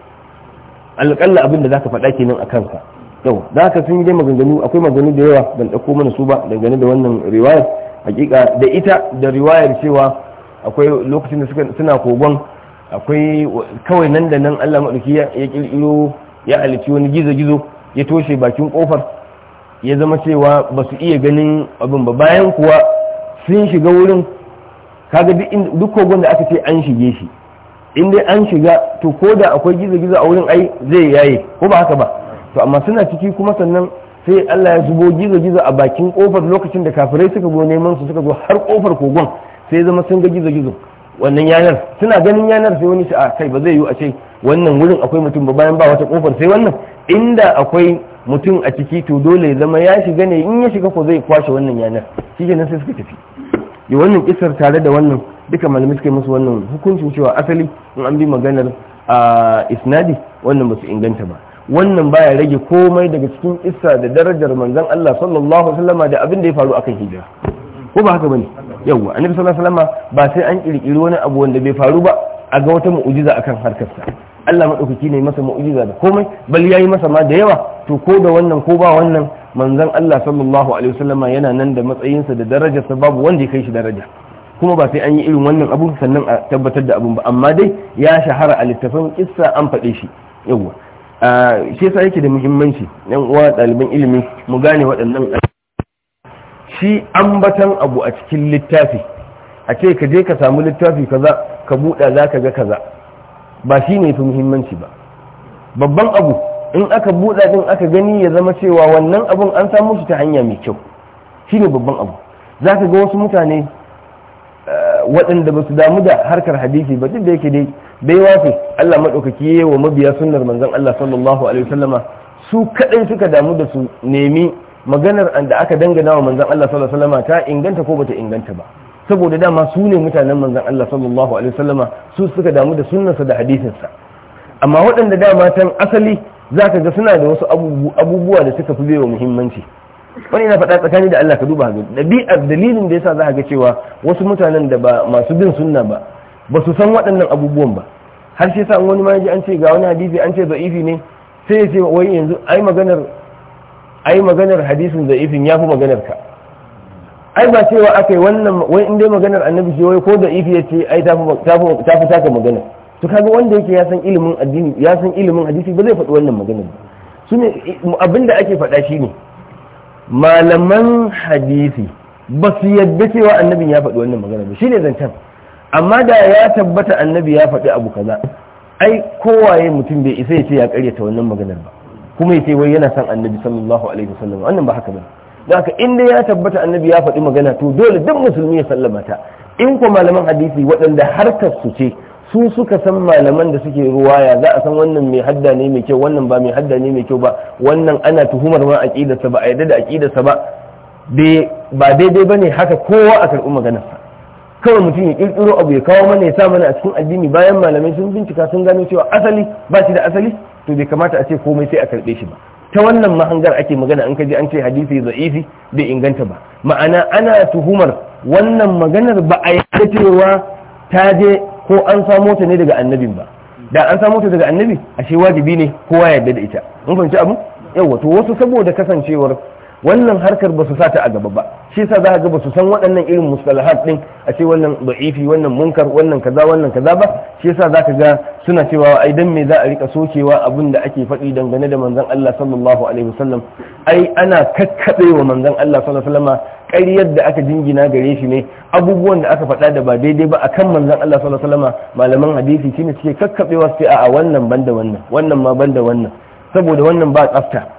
alƙalla abin da zaka faɗa kenan a kansa yau za ka sun yi maganganu akwai maganganu da yawa ban ɗauko mana su ba dangane da wannan riwayar hakika da ita da riwayar cewa akwai lokacin da suna kogon akwai kawai nan da nan allah maɗauki ya ƙirƙiro ya alici wani gizo-gizo ya toshe bakin ƙofar ya zama cewa ba su iya ganin abin ba bayan kuwa sun shiga wurin kaga duk kogon da aka ce an shige shi in dai an shiga to ko da akwai gizo-gizo a wurin ai zai yaye ko ba haka ba to amma suna ciki kuma sannan sai Allah ya zubo gizo-gizo a bakin ƙofar lokacin da kafirai suka zo neman su suka zo har kofar kogon sai zama sun ga gizo-gizo wannan yanar suna ganin yanar sai wani a ah, kai ba zai yiwu a ce wannan wurin akwai mutum ba bayan ba wata kofar sai wannan inda akwai mutum a ciki to dole zama ya shiga ne in ya shiga ko zai kwashe wannan yanar shi kenan sai suka tafi yi wannan kisar tare da wannan duka malamai suka yi musu wannan hukuncin cewa asali in an bi maganar a isnadi wannan ba su inganta ba wannan baya rage komai daga cikin isa da darajar manzon Allah sallallahu alaihi wasallam da abin da ya faru akan hijira ko ba haka bane yawwa annabi sallallahu alaihi wasallam ba sai an kirkiri wani abu wanda bai faru ba a ga wata mu'jiza akan harkarsa Allah madaukaki ne masa mu'jiza da komai bal yayi masa ma da yawa to ko da wannan ko ba wannan manzon Allah sallallahu alaihi wasallam yana nan da matsayinsa da sa babu wanda ya kai shi daraja kuma ba sai an yi irin wannan abu sannan a tabbatar da abun ba amma dai ya shahara a littafin kissa an faɗe shi yawwa ah, shi yasa yake da muhimmanci yan uwa ɗaliban ilimi mu gane waɗannan shi ambatan abu a cikin littafi a ce ka je ka samu littafi kaza ka buɗa za ka ga kaza ba shi ne fi muhimmanci ba babban abu in aka buɗa din aka gani ya zama cewa wannan abun an samu shi ta hanya mai kyau shi ne babban abu za ka ga wasu mutane eh, waɗanda ba su damu da harkar hadisi ba duk da yake dai bai wafe Allah maɗaukaki ya yi wa mabiya sunnar manzon Allah sallallahu alaihi wasallama su kaɗai suka damu da su nemi maganar da aka dangana wa manzan Allah sallallahu alaihi wasallama ta inganta ko bata inganta ba saboda dama su ne mutanen manzan Allah sallallahu alaihi wasallama su suka damu da sunnarsa da hadisinsa amma waɗanda dama tan asali zaka ga suna da wasu abubuwa da suka fi baiwa muhimmanci wani yana faɗa tsakani da Allah ka duba ga ɗabi'ar dalilin da yasa za ga cewa wasu mutanen da ba masu bin sunna ba ba su san waɗannan abubuwan ba har sai yasa wani ma ji an ce ga wani hadisi an ce za'ifi ne sai ya ce wai yanzu ai maganar ai maganar hadisin da'ifin ya fi maganar ka ai ba cewa aka yi wannan wai in dai maganar annabi ce wai ko da ifi ya ce ai ta fi taka magana to kaga wanda yake ya san ilimin addini ya san ilimin hadisi ba zai faɗi wannan maganar su ne abinda ake faɗa shi ne malaman hadisi ba su yadda cewa annabin ya faɗi wannan maganar ba shine zancen amma da ya tabbata annabi ya faɗi abu kaza ai kowaye mutum bai isa ya ce ya karyata wannan maganar ba kuma ya ce wai yana son annabi sallallahu alaihi wasallam wannan ba haka ba don haka in dai ya tabbata annabi ya faɗi magana to dole duk musulmi ya sallama ta in ko malaman hadisi waɗanda harkar su ce su suka san malaman da suke ruwaya za a san wannan mai hadda ne mai kyau wannan ba mai hadda ne mai kyau ba wannan ana tuhumar ma aqidarsa ba a yadda da aqidarsa ba ba daidai bane haka kowa a karɓi maganarsa kawai mutum ya kirkiro abu ya kawo mana ya sa mana a cikin addini bayan malamai sun bincika sun gano cewa asali ba shi da asali to bai kamata a ce komai sai a karbe shi ba ta wannan mahangar ake magana an kaji an ce hadisi za'ifi bai inganta ba ma'ana ana tuhumar wannan maganar ba a yadda cewa ta je ko an samo ta ne daga annabin ba da an samo ta daga annabi ashe wajibi ne kowa yarda da ita mun fahimci abu yawa to wasu saboda kasancewar wannan harkar ba su sa ta a gaba ba shi sa za ga ba su san waɗannan irin mustalahat ɗin a ce wannan da'ifi wannan munkar wannan kaza wannan kaza ba shi sa za ka ga suna cewa ai dan me za a rika sokewa abin da ake faɗi dangane da manzon Allah sallallahu alaihi wasallam ai ana kakkabe manzon Allah sallallahu alaihi wasallam ƙaryar da aka jingina gare shi ne abubuwan da aka faɗa da ba daidai ba akan manzon Allah sallallahu alaihi wasallam malaman hadisi shine suke kakkaɓewa su a wannan banda wannan wannan ma banda wannan saboda wannan ba tsafta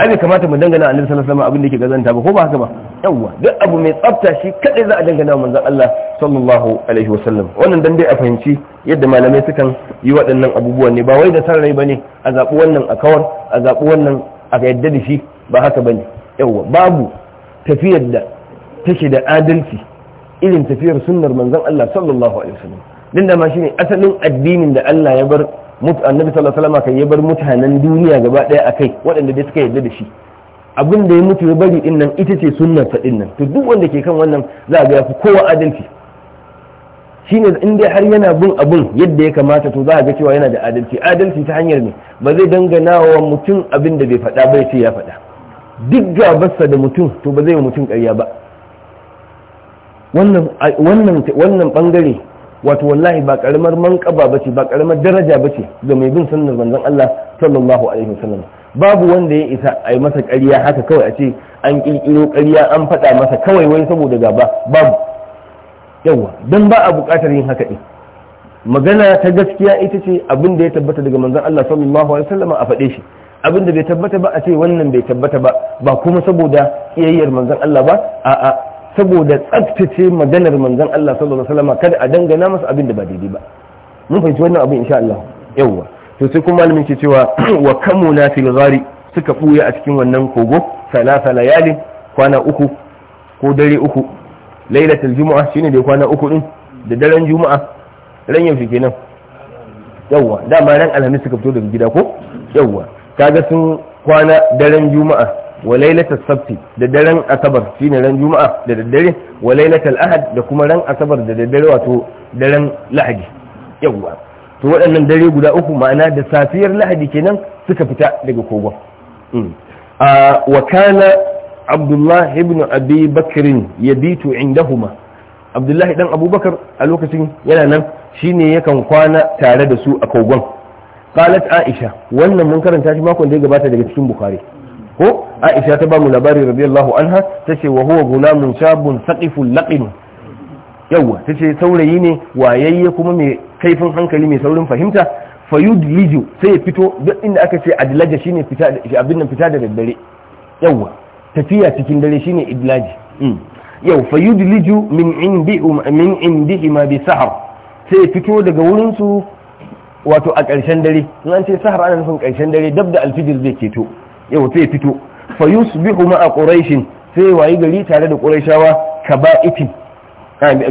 ai bai kamata mu dangana annabi sallallahu alaihi abin da yake gazanta ba ko ba haka ba yawa duk abu mai tsafta shi kadai za a dangana wa manzon Allah sallallahu alaihi wasallam wannan dan dai a fahimci yadda malamai sukan yi waɗannan abubuwan ne ba wai da sarrai bane a zaɓi wannan a kawar a zaɓi wannan a yadda da shi ba haka bane yawa babu tafiyar da take da adalci irin tafiyar sunnar manzon Allah sallallahu alaihi wasallam dinda ma shine asalin addinin da Allah ya bar annabi sallallahu alaihi wasallam ya bar mutanen duniya gaba daya akai waɗanda dai suka yarda da shi abin da ya mutu ya bari din nan ita ce sunnar ta din nan to duk wanda ke kan wannan za a ga ya fi kowa adalci shine in dai har yana bin abun yadda ya kamata to za a ga cewa yana da adalci adalci ta hanyar ne ba zai dangana wa mutum abin da bai faɗa ba ce ya faɗa duk gabarsa da mutum to ba zai wa mutum ƙarya ba wannan bangare wato wallahi ba karamar manƙaba ba ce ba karamar daraja ba ce ga mai bin sunnar manzon Allah sallallahu alaihi wasallam babu wanda ya isa a yi masa ƙarya haka kawai a ce an ƙirƙiro ƙarya an faɗa masa kawai wai saboda gaba babu yawa don ba a buƙatar yin haka ɗin magana ta gaskiya ita ce abin da ya tabbata daga manzon Allah sallallahu alaihi wasallam a faɗe shi abin da bai tabbata ba a ce wannan bai tabbata ba ba kuma saboda kiyayyar manzon Allah ba a'a saboda tsaftace maganar manzan Allah sallallahu alaihi wasallam kada a dangana masa abin da ba daidai ba mun fahimci wannan abin insha Allah yawwa to sai kuma malamin ke cewa wa kamuna fil ghari suka buya a cikin wannan kogo salasa layalin kwana uku ko dare uku lailatul juma'a shine da kwana uku din da daren juma'a ran yaushe kenan yawwa dama ran alhamis suka fito daga gida ko yawwa kaga sun kwana daren juma'a wa lailatul sabti da daren asabar shine ran juma'a da daddare wa lailatul ahad da kuma ran asabar da daddare wato daren lahadi yawwa to waɗannan dare guda uku ma'ana da safiyar lahadi kenan suka fita daga kogon mm. wa kana abdullah ibn abi bakrin yabitu indahuma abdullahi dan abubakar a lokacin yana nan shine yakan kwana tare da su a kogon qalat aisha wannan mun karanta shi makon da ya gabata daga cikin bukhari ko aisha ta bamu labari radiyallahu anha tace wa huwa gulamun shabun saqiful laqin yawa tace saurayi ne wayayye kuma mai kaifin hankali mai saurin fahimta fayudliju sai ya fito duk inda aka ce adlaja shine fita abin nan fita da daddare yawa tafiya cikin dare shine idlaji mm. yau fayudliju min indi min indihi ma bi sahar sai ya fito daga wurin su wato a ƙarshen dare in an ce sahar ana nufin ƙarshen dare dab da alfijir zai keto yau sai fito fa yusbihu ma quraishin sai wayi gari tare da quraishawa kaba'itin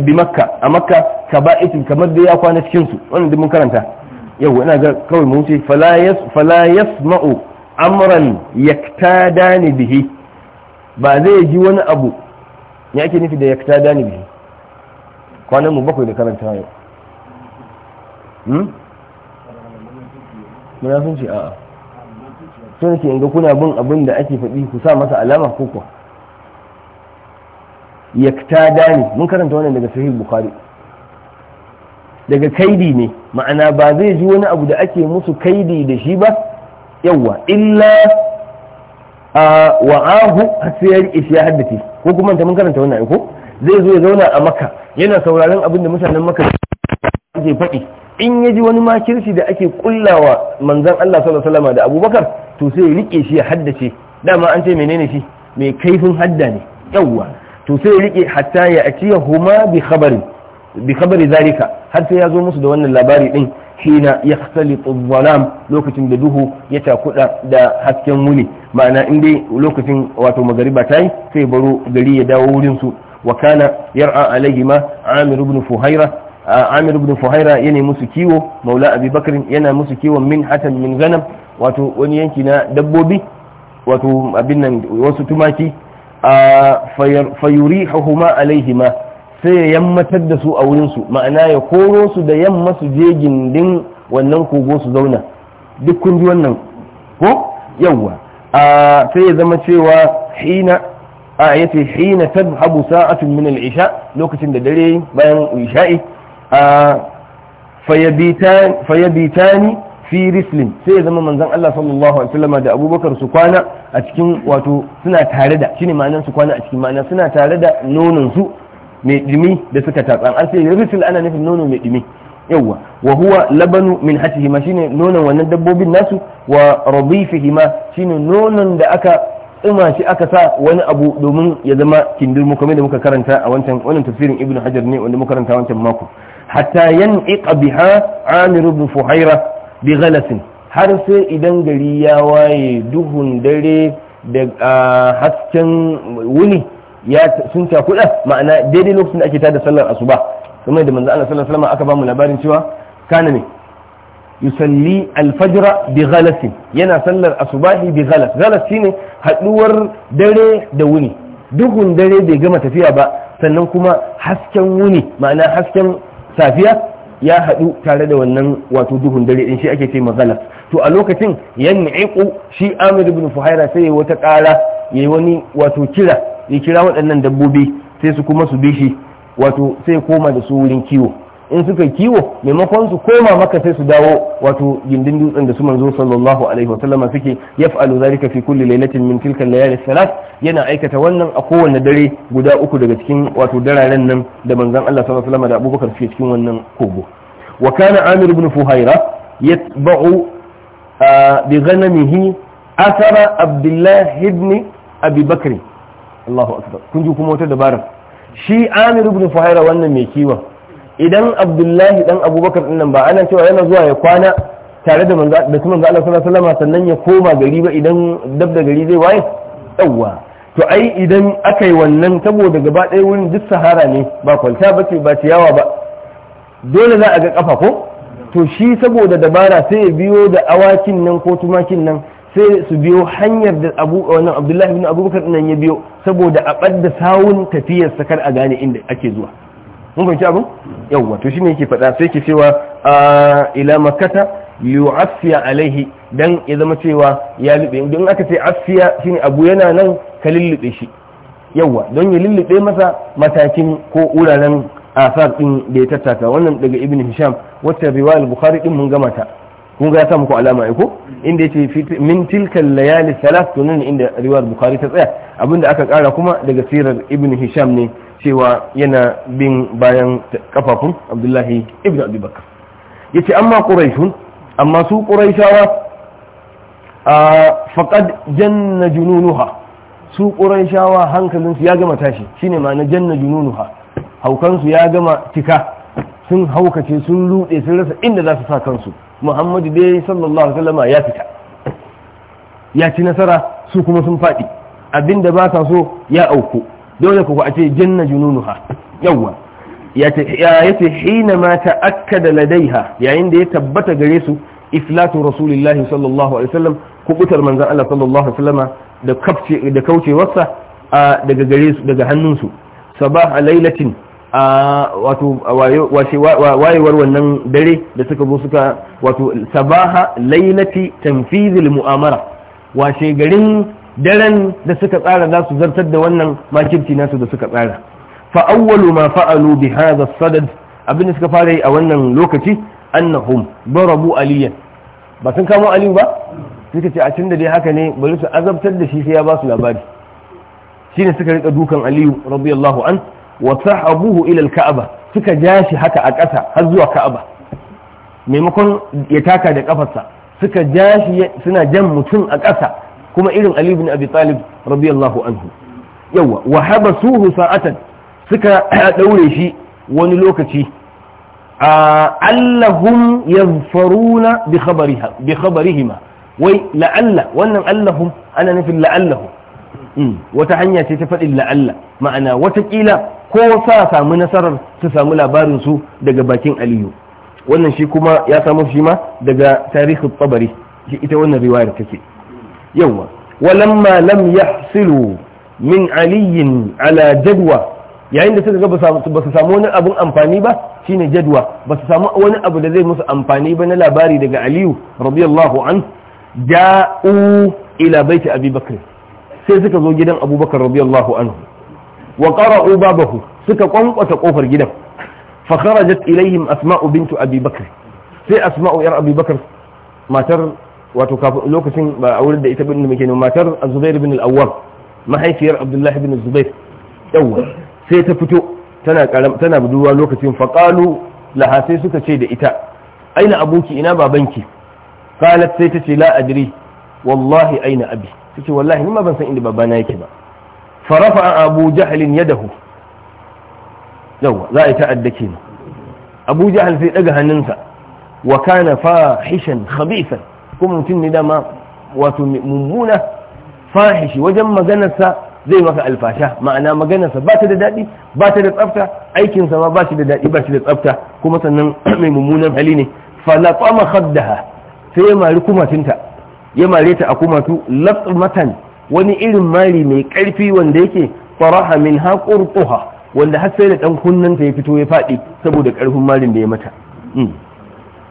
bi makka a makka kaba'itin kamar da ya kwana cikin su wannan duk mun karanta yau ina ga kawai mun ce fala yas fala yasma'u amran yaktadani bihi ba zai ji wani abu ya ake nufi da yaktadani bihi kwanan mu bakwai da karanta yau hmm? ce a'a so nake in ga kuna bin abin da ake faɗi ku sa masa alama ko kuwa da ne mun karanta wannan daga sahih bukhari daga kaidi ne ma'ana ba zai ji wani abu da ake musu kaidi da shi ba yawa illa a wa'ahu har sai ya ya haddace ko kuma ta mun karanta wannan aiko? zai zo ya zauna a makka yana sauraron abin da mutanen makka ke faɗi in ya ji wani makirci da ake kullawa manzan Allah sallallahu alaihi wasallam da Abubakar to sai ya rike shi ya haddace dama an ce menene shi mai kaifin hadda ne yawwa to sai ya rike hatta ya aciya huma bi khabari bi khabari zalika har sai ya zo musu da wannan labari din hina yakhtalitu dhalam lokacin da duhu ya takuda da hasken wuni ma'ana in dai lokacin wato magariba tayi sai baro gari ya dawo wurin su wa kana yar'a alaihima amir ibn fuhaira amir ibn fuhaira yana musu kiwo maula abubakar yana musu kiwon min hatan min ganam wato wani yanki na dabbobi wato abin nan wasu tumaki a fayuri hahuma alaihima sai ya yammatar da su a wurinsu ma'ana ya koro su da yamma su je gindin wannan kogo su zauna duk kun ji wannan ko yawwa a sai ya zama cewa hina a yace hina tadhabu sa'atun min al-isha lokacin da dare bayan isha'i a fayabitani fi rislin sai ya zama manzon Allah sallallahu alaihi wasallam da Abubakar su kwana a cikin wato suna tare da shine ma'anar su kwana a cikin ma'ana suna tare da nonon su mai dumi da suka tatsa an sai risil ana nufin nono mai dumi yawwa wa huwa labanu min hatihi ma shine nonon wannan dabbobin nasu wa radifihi ma shine nonon da aka tsima shi aka sa wani abu domin ya zama kindirmu kamar da muka karanta a wancan wannan tafsirin ibnu hajar ne wanda muka karanta wancan mako hatta yan'iqa biha amir ibn fuhaira bi ghalasin har sai idan gari ya waye duhun dare da hasken wuni ya sun cakuɗa ma'ana daidai lokacin da ake tada sallar asuba kuma da manzo Allah sallallahu alaihi aka ba mu labarin cewa kana ne yusalli alfajra bi ghalas yana sallar asubahi bi ghalas ghalas shine haduwar dare da wuni duhun dare bai gama tafiya ba sannan kuma hasken wuni ma'ana hasken safiya ya haɗu tare da wannan wato duhun dare in shi ake ce magana to a lokacin aiku shi Amir ibn Fuhaira sai ya wata ƙara ya yi wani wato kira ya kira waɗannan dabbobi sai su kuma su bi shi wato sai koma da su wurin kiwo in suka kiwo maimakon su koma maka sai su dawo wato gindin dutsen da su manzo sallallahu alaihi sallama suke yaf'alu zalika fi kulli lailatin min tilka layali salat yana aikata wannan a kowanne dare guda uku daga cikin wato dararen nan da manzon Allah sallallahu alaihi sallama da Abubakar suke cikin wannan kogo wa kana Amir ibn Fuhaira yatba'u bi ghanamihi athara Abdullah ibn Abi Bakr Allahu akbar kun ji kuma wata dabara shi Amir ibn Fuhaira wannan mai kiwon idan abdullahi dan abubakar din ba ana cewa yana zuwa ya kwana tare da manzo da kuma manzo Allah sallallahu alaihi sannan ya koma gari ba idan dab da gari zai waye yawa to ai idan aka yi wannan saboda gaba ɗaya wurin duk sahara ne ba kwalta ba ce ba ciyawa ba dole za a ga kafa ko to shi saboda dabara sai ya biyo da awakin nan ko tumakin nan sai su biyo hanyar da abu wannan abdullahi bin abubakar nan ya biyo saboda a ɓadda sawun tafiyar sakar a gane inda ake zuwa mun fahimci abin yawwa to shine yake faɗa sai ke cewa a ila makata yu'affiya alaihi dan ya zama cewa ya lube don aka ce Afiya shine abu yana nan ka lullube shi yawwa don ya lullube masa matakin ko wuraren asar din da ya tattaka wannan daga ibn hisham wacce riwayar bukhari din mun gama ta kun ga ya muku alama ai ko inda yace min tilkal layali salas nan inda riwayar bukhari ta tsaya abinda aka kara kuma daga sirar ibn hisham ne cewa yana bin bayan kafafun abdullahi ibn abubakar ya ce amma ƙuraishun amma su ƙuraishawa a faƙad janna jununuha su ƙuraishawa hankalinsu ya gama tashi shine ma'ana janna jununuha haukansu ya gama cika sun haukace sun ruɗe sun rasa inda za su sa kansu muhammadu dai sallallahu alaihi wasallama ya fita ya ci nasara su kuma sun faɗi abinda ba sa so ya auku dole ku a ce janna jununuha yawwa ya ce hina ma ta'akkada ladaiha yayin da ya tabbata gare su iflatu rasulillahi sallallahu alaihi wasallam kubutar manzon Allah sallallahu alaihi wasallama da kafce da daga gare su daga hannunsu sabah wato wayewar wannan dare da suka zo suka wato sabaha lailati tanfizil mu'amara washe garin daren da suka tsara za su zartar da wannan makirci nasu da suka tsara fa awwalu ma fa'alu bi hadha sadad da suka fara yi a wannan lokaci annahum darabu aliyan ba sun kamo aliyu ba suka ce a da dai haka ne bari su azabtar da shi sai ya ba su labari shine suka rika dukan aliyu radiyallahu an wa sahabuhu ila kaaba suka ja shi haka a ƙasa har zuwa ka'aba maimakon ya taka da kafarsa suka ja shi suna jan mutum a ƙasa kuma irin Ali ibn Abi Talib radiyallahu anhu yawa wa habasuhu sa'atan suka daure shi wani lokaci allahum yanfaruna bi khabariha bi khabarihima wai la'alla wannan allahum ana nufin la'allahu hmm, wata hanya ce ta faɗin la'alla ma'ana watakila ko sa samu nasarar su samu labarin su daga bakin aliyu wannan shi kuma ya samu shi ma daga tarihin tsabari ita wannan riwayar take yawa walamma lam yahsilu min aliyin ala jadwa yayin da suka ga ba su samu wani abun amfani ba shine jadwa ba su samu wani abu da zai musu amfani ba na labari daga aliyu radiyallahu an ja'u ila baiti abi sai suka zo gidan abubakar radiyallahu anhu wa qara'u babahu suka kwankwata kofar gidan fa kharajat ilaihim asma'u bintu abi sai asma'u yar abubakar matar wato kafin lokacin ba a wurin da ita bin da muke matar Zubair bin al-Awwam mahaifiyar Abdullah bin Zubair yawa sai ta fito tana karam tana buduwa lokacin faqalu laha sai suka ce da ita aina abuki ina babanki qalat sai ta ce la adri wallahi aina abi tace wallahi ni ma ban san inda babana yake ba farafa abu jahl yadahu yawa za a yi ta'adda kenan abu jahal sai daga hannunsa wa kana fahishan khabithan kuma mutum ne dama wato mummuna fahishi wajen maganarsa zai maka alfasha ma'ana maganarsa ba ta da daɗi ba ta da tsafta aikinsa ma ba shi da daɗi ba shi da tsafta kuma sannan mai mummunan hali ne falaqama khaddaha sai ya mari kumatinta ya mare ta a kumatu Matan wani irin mari mai ƙarfi wanda yake faraha min haƙurtuha wanda har sai da ɗan kunnanta ya fito ya faɗi saboda ƙarfin marin da ya mata hmm.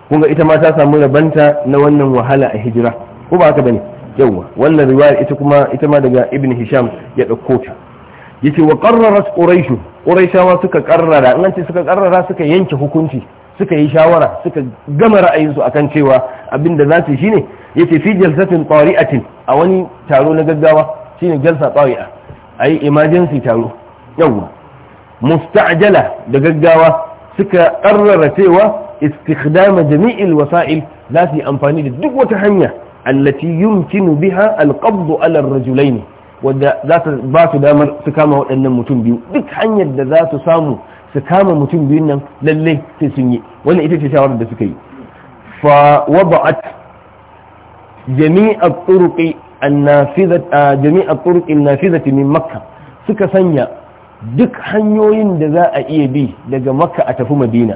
kun ita ma ta samu rabanta na wannan wahala a hijira ko ba haka bane yawa wannan riwayar ita kuma ita ma daga ibn hisham ya dauko ta yace wa qarrarat quraish quraishawa suka qarrara an ce suka qarrara suka yanke hukunci suka yi shawara suka gama ra'ayin su akan cewa abinda za su shine yace fi jalsatin qari'atin a wani taro na gaggawa shine jalsa qari'a ayi emergency taro yawa musta'jala da gaggawa suka qarrara cewa istikhdama Jami'in wasa'il za su yi amfani da duk wata hanya allati yumkinu biha alqabdu ala ar ba su damar su kama waɗannan mutum biyu duk hanyar da za su samu su kama mutum biyun nan lalle sai sun yi wannan ita ce shawarar da suka yi fa wada'at jami'a turuqi an jami'a turuqi an-nafizat min makkah suka sanya duk hanyoyin da za a iya bi daga makka a tafi madina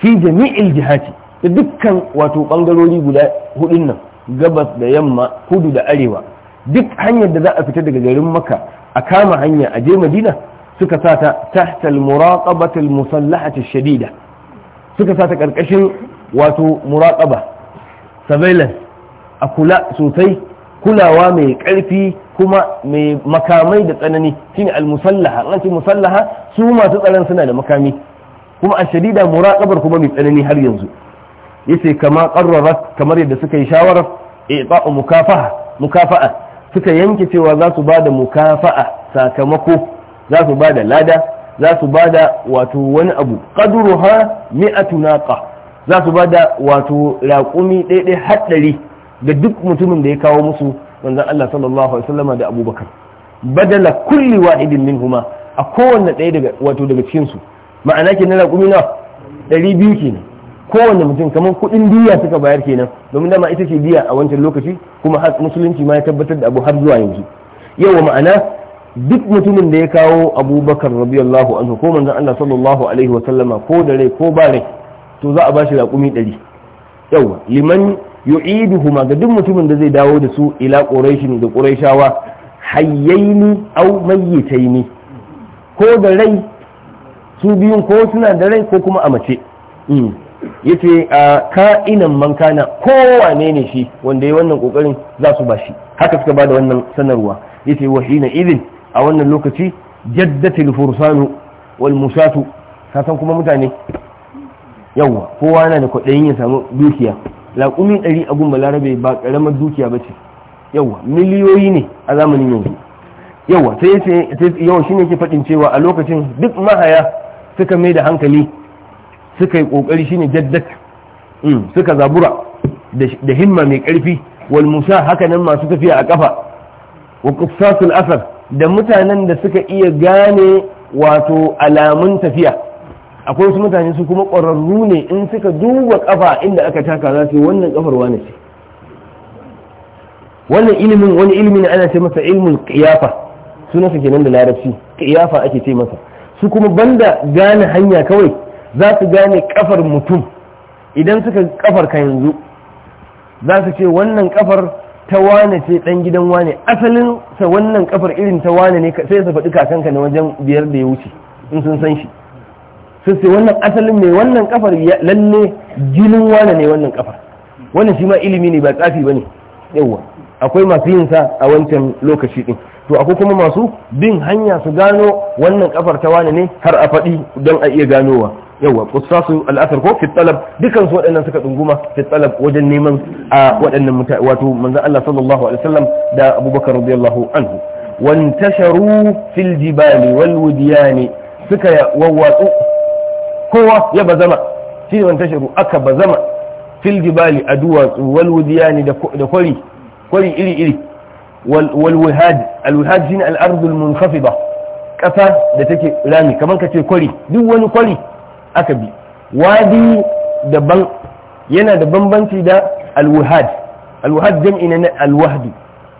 fi jami'il jihati da dukkan wato bangarori guda hudun nan gabas da yamma kudu da arewa duk hanyar da za a fita daga garin maka a kama hanya a je madina suka sa ta tahta al-muraqabati al-musallahati shadida suka sa ta karkashin wato muraqaba surveillance a kula sosai kulawa mai karfi kuma mai makamai da tsanani shine al-musallaha an ce musallaha su masu tsaron suna da makami kuma a shadida muraqabar kuma mai tsanani har yanzu yace kama qarrarat kamar yadda suka yi shawarar i'ta'u mukafa'a mukafa'a suka yanke cewa za su bada mukafa'a sakamako za su bada lada za su bada wato wani abu qadruha mi'atu naqa za su bada wato raƙumi ɗaiɗai haɗari ga duk mutumin da ya kawo musu manzon Allah sallallahu alaihi wasallama da Abubakar badala kulli wahidin huma a kowanne ɗaya daga wato daga cikin su ma'ana kenan raƙumi na ɗari biyu kenan kowane mutum kamar kuɗin diya suka bayar kenan domin dama ita ce biya a wancan lokaci kuma har musulunci ma ya tabbatar da abu har zuwa yanzu yawa ma'ana duk mutumin da ya kawo abubakar rabiyallahu anhu ko manzon Allah sallallahu alaihi wa sallama ko da rai ko ba rai to za a bashi raƙumi ɗari yawa liman yu'iduhu ma ga duk mutumin da zai dawo da su ila quraishin da quraishawa hayyaini aw mayyitaini ko da rai su biyun ko suna da rai ko kuma a mace mm. Ya ce, a ka'inan mankana kowane ne shi wanda ya wannan kokarin za su bashi haka suka da wannan sanarwa Ya ce, wa na izin a wannan lokaci jaddatul fursanu wal musatu kasan kuma mutane yawa kowa yana da kwaɗayin ya samu dukiya laƙumi ɗari a gun larabe ba ƙaramar dukiya ba ce yawa miliyoyi ne a zamanin yanzu yawa sai yawa shi ne ke faɗin cewa a lokacin duk mahaya suka mai da hankali suka yi kokari shine jaddat mm, suka zabura da himma mai karfi wal musa haka nan masu tafiya a kafa wa asar da mutanen da suka iya gane wato alamun tafiya akwai wasu mutane su kuma ƙwararru ne in suka duba ƙafa inda aka taka za su yi wannan kafar wani ce wannan ilimin wani ilimin ana ce masa ilimin ƙiyafa sunansa kenan da larabci ƙiyafa ake ce masa su kuma banda gane hanya kawai za su gane kafar mutum idan suka kafar ka yanzu za su ce wannan kafar ta wane ce dan gidan wane asalin sa wannan kafar irin ta wane ne sai su faɗi kakanka na wajen biyar da ya wuce in sun san shi sai sai wannan asalin mai wannan kafar lalle jinin wane ne wannan kafar wannan shi ma ilimi ne ba tsafi ba ne. Yawwa, akwai masu yin sa a wancan lokaci din to akwai kuma masu bin hanya su gano wannan kafar ta wani ne har a faɗi don a iya ganowa yawa kusasu al'asar ko fitalab dukan su waɗannan suka dunguma fitalab wajen neman a waɗannan mutane wato manzan Allah sallallahu alaihi wasallam da abubakar radiyallahu anhu wantasharu fil jibali wal wudiyani suka wawwatsu kowa ya bazama shi wantasharu aka bazama fil jibali a duwatsu wal wudiyani da kwari kwari iri iri walwihad alwihad shine al'ardul munkhafida kasa da take rami kamar ka ce duk wani kwari aka bi wadi daban yana da bambanci da alwihad alwihad jam'i ne na alwahdi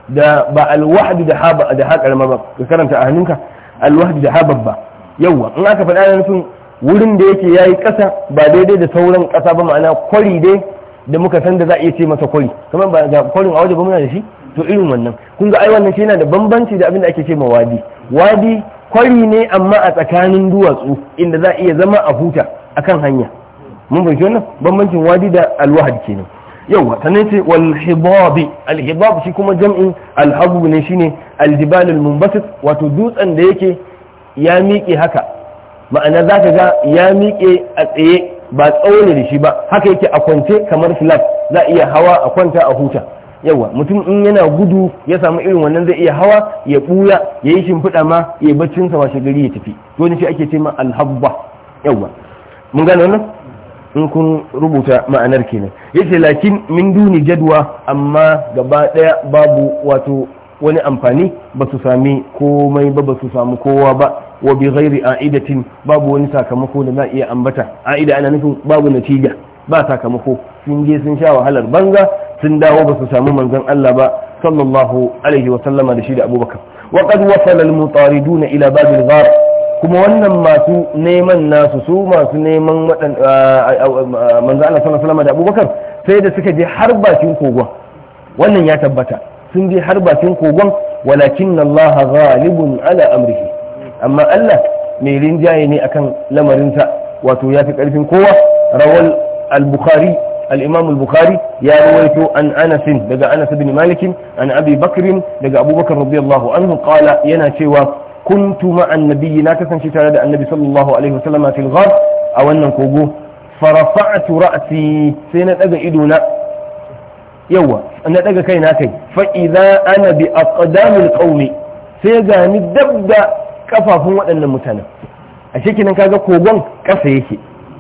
da ba alwahdi da haba da ka karanta a hannunka alwahdi da haba ba yawa in aka faɗa nufin wurin da yake yayi ƙasa ba daidai da sauran ƙasa ba ma'ana kwari dai da muka san da za a iya ce masa kwari kamar ba ga kwarin a waje ba muna da shi to irin wannan kun ga ai wannan shi yana da bambanci da abin da ake ce ma wadi wadi kwari ne amma a tsakanin duwatsu inda za a iya zama a huta akan hanya mun fahimci wannan bambancin wadi da alwahad kenan yawa sannan ce wal hibabi al hibab shi kuma jam'in al ne shine al jibal al wato dutsen da yake ya miƙe haka ma'ana za ka ga ya miƙe a tsaye ba ne da shi ba haka yake a kwance kamar flat za a iya hawa a kwanta a huta yawa mutum in yana gudu ya samu irin wannan zai iya hawa ya buya ya yi shimfiɗa ma ya baccin sa washe gari ya tafi to ne shi ake ce ma alhabba yawa mun gane wannan in kun rubuta ma'anar kenan yace lakin min duni jadwa amma gaba ɗaya babu wato wani amfani ba su sami komai ba ba su samu kowa ba wa bi ghairi a'idatin babu wani sakamako da za iya ambata a'ida ana nufin babu natija ba sakamako sun je sun sha wahalar banza sun dawo ba su samu manzon Allah ba sallallahu alaihi wa sallama da shi da abubakar wa qad wasala al mutariduna ila bab al ghar kuma wannan masu neman nasu su masu neman wadan manzon Allah sallallahu alaihi da abubakar sai da suka je har bakin kogon wannan ya tabbata sun je har bakin kogon walakin Allah ghalibun ala amrihi amma Allah mai rinjaye ne akan lamarinsa wato ya fi karfin kowa rawal al-bukhari al-imam bukhari ya rawaito an anas daga anas bin malik an abi bakr daga abubakar radiyallahu anhu qala yana cewa kuntuma ma annabi na kasance tare da annabi sallallahu alaihi wasallam fil ghar a wannan kogo farafa'tu ra'si sai na daga ido na yawa na daga kai na kai fa idza ana bi aqdamil sai ga ni dabda kafafun waɗannan mutanen a shekinan kaga kogon ƙasa yake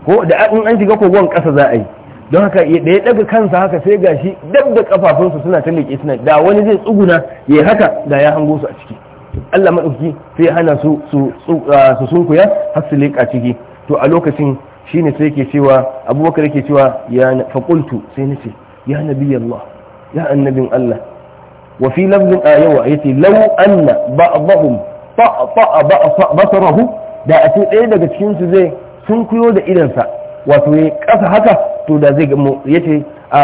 ko da in an shiga kogon ƙasa za a yi don haka da ya daga kansa haka sai gashi dab da kafafunsa suna ta leƙe suna da wani zai tsuguna ya haka da ya hango su a ciki Allah maɗauki sai ya hana su su sunkuya har su leƙa ciki to a lokacin shine sai ke cewa abubakar ke cewa ya faƙultu sai na ce ya nabi Allah ya annabin Allah wa fi lafzin ayawa ce law anna ba'dahum ta'ta basarahu da a ce ɗaya daga cikin su zai sunkuyo da idansa wato ya ƙasa haka to da zai gamu ya ce a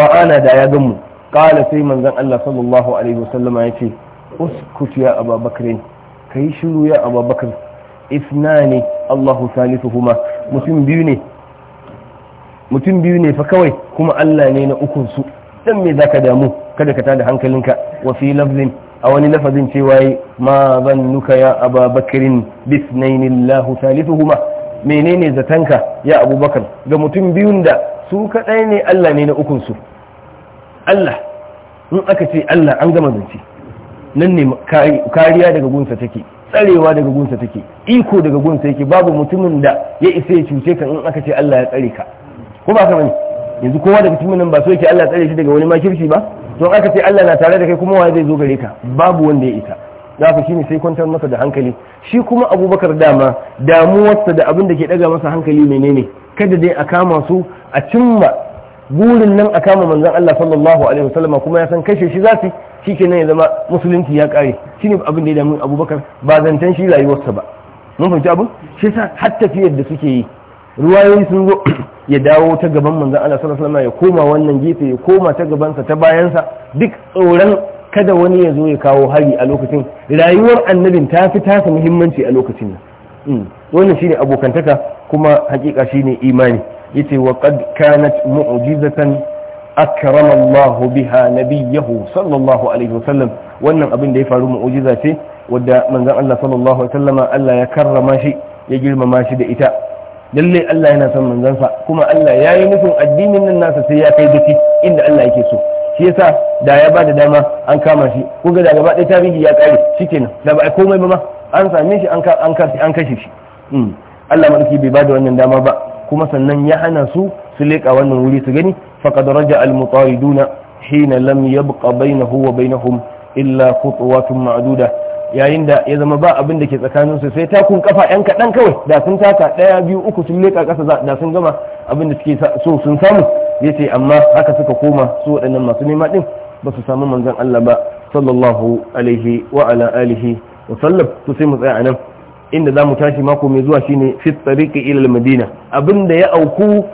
ra'ana da ya gamu kala sai manzan Allah sallallahu alaihi wasallam ya ce uskut ya ababakar yi shiru ya ababakar isnani Allahu kuma mutum biyu ne mutum biyu ne fa kawai kuma Allah ne na ukun su dan me zaka damu kada ka tada hankalinka wa fi lafzin a wani lafazin cewa ma zan nuka ya ababakar bisnaini Allahu huma. menene zatanka ya abubakar ga mutum biyun da su kaɗai ne Allah ne na ukunsu Allah in aka ce Allah an gama zance nan ne kariya daga gunsa take tsarewa daga gunsa take iko daga gunsa yake babu mutumin da ya isa ya cuce ka in aka ce Allah ya tsare ka ko ba ka bane yanzu kowa daga cikin nan ba so yake Allah tsare shi daga wani makirci ba to in aka ce Allah na tare da kai kuma waye zai zo gare ka babu wanda ya isa za ku ne sai kwantar masa da hankali shi kuma abubakar dama damuwarsa da abin da ke daga masa hankali menene kada dai a kama su a cimma burin nan a kama manzon Allah sallallahu alaihi wasallama kuma ya san kashe shi za su nan ya zama musulunci ya kare shi ne abin da ya damu abubakar ba zancen shi rayuwarsa ba mun fahimci abin shi sa har tafiyar da suke yi ruwayoyi sun zo ya dawo ta gaban manzon Allah sallallahu alaihi wasallama ya koma wannan gefe ya koma ta gabansa ta bayansa duk tsoron kada wani ya zo ya kawo hari a lokacin rayuwar annabin ta fi tasa muhimmanci a lokacin nan hmm. wannan shine abokantaka kuma hakika shine imani yace wa qad kanat mu'jizatan akrama Allah biha nabiyahu sallallahu alaihi wasallam wannan abin da ya faru mu'jiza ce wadda manzon Allah sallallahu alaihi wasallama Allah ya karrama shi ya girmama shi da ita lalle Allah yana son manzansa kuma Allah ya yi nufin addinin nan nasa sai ya kai gaci inda Allah yake so shi yasa da ya ba da dama an kama shi ko da gaba ɗaya tarihi ya ƙare shikenan da ba a komai ba ma an same shi an kashe shi hmm. Allah madauki bai ba da wannan dama ba kuma sannan ya hana su su leƙa wannan wuri su gani faqad raja al mutariduna hina lam yabqa bainahu wa bainahum illa tun ma'duda yayin da ya zama ba abin da ke tsakanin su sai takun kafa yan kaɗan kawai da sun taka ɗaya biyu uku sun leƙa ƙasa da sun gama abin da suke so sun samu ya ce amma haka suka koma su waɗannan masu nema ɗin ba su samu manzan Allah ba sallallahu alaihi wa ala alihi wa sallam to sai mu tsaya a nan inda za mu tashi mako mai zuwa shine fi ka ilal madina abin da ya auku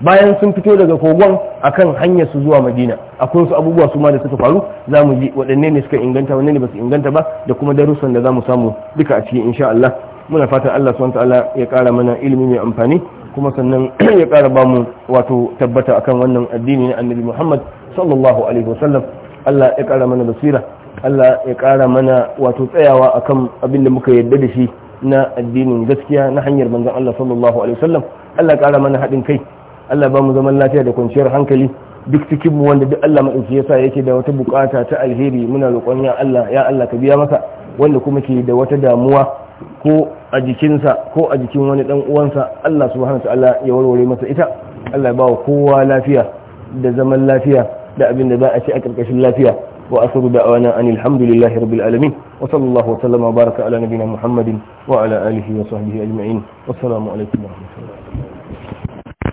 bayan sun fito daga kogon akan hanyar su zuwa madina akwai su abubuwa su ma da suka faru za mu ji waɗanne ne suka inganta wanne ne ba su inganta ba da kuma darussan da za mu samu duka a cikin insha Allah muna fatan Allah subhanahu wa ta'ala ya kara mana ilimi mai amfani kuma sannan ya ƙara ba mu wato tabbata akan wannan addini na annabi muhammad sallallahu alaihi wasallam allah ya ƙara mana basira allah ya ƙara mana wato tsayawa akan abin da muka yarda da shi na addinin gaskiya na hanyar manzon allah sallallahu alaihi wasallam allah ya ƙara mana haɗin kai allah ba mu zaman lafiya da kwanciyar hankali duk cikin mu wanda duk Allah madauki yasa yake da wata bukata ta alheri muna roƙon ya Allah ya Allah ka biya masa wanda kuma ke da wata damuwa ko a jikinsa ko a jikin wani dan uwansa Allah subhanahu ta'ala ya warware masa ita Allah ya ba kowa lafiya da zaman lafiya da abin da za a ci a karkashin lafiya wa asru da awana an alhamdulillahi rabbil alamin wa sallallahu wa sallama baraka ala nabina muhammadin wa ala alihi wa sahbihi ajma'in wassalamu alaikum wa rahmatullahi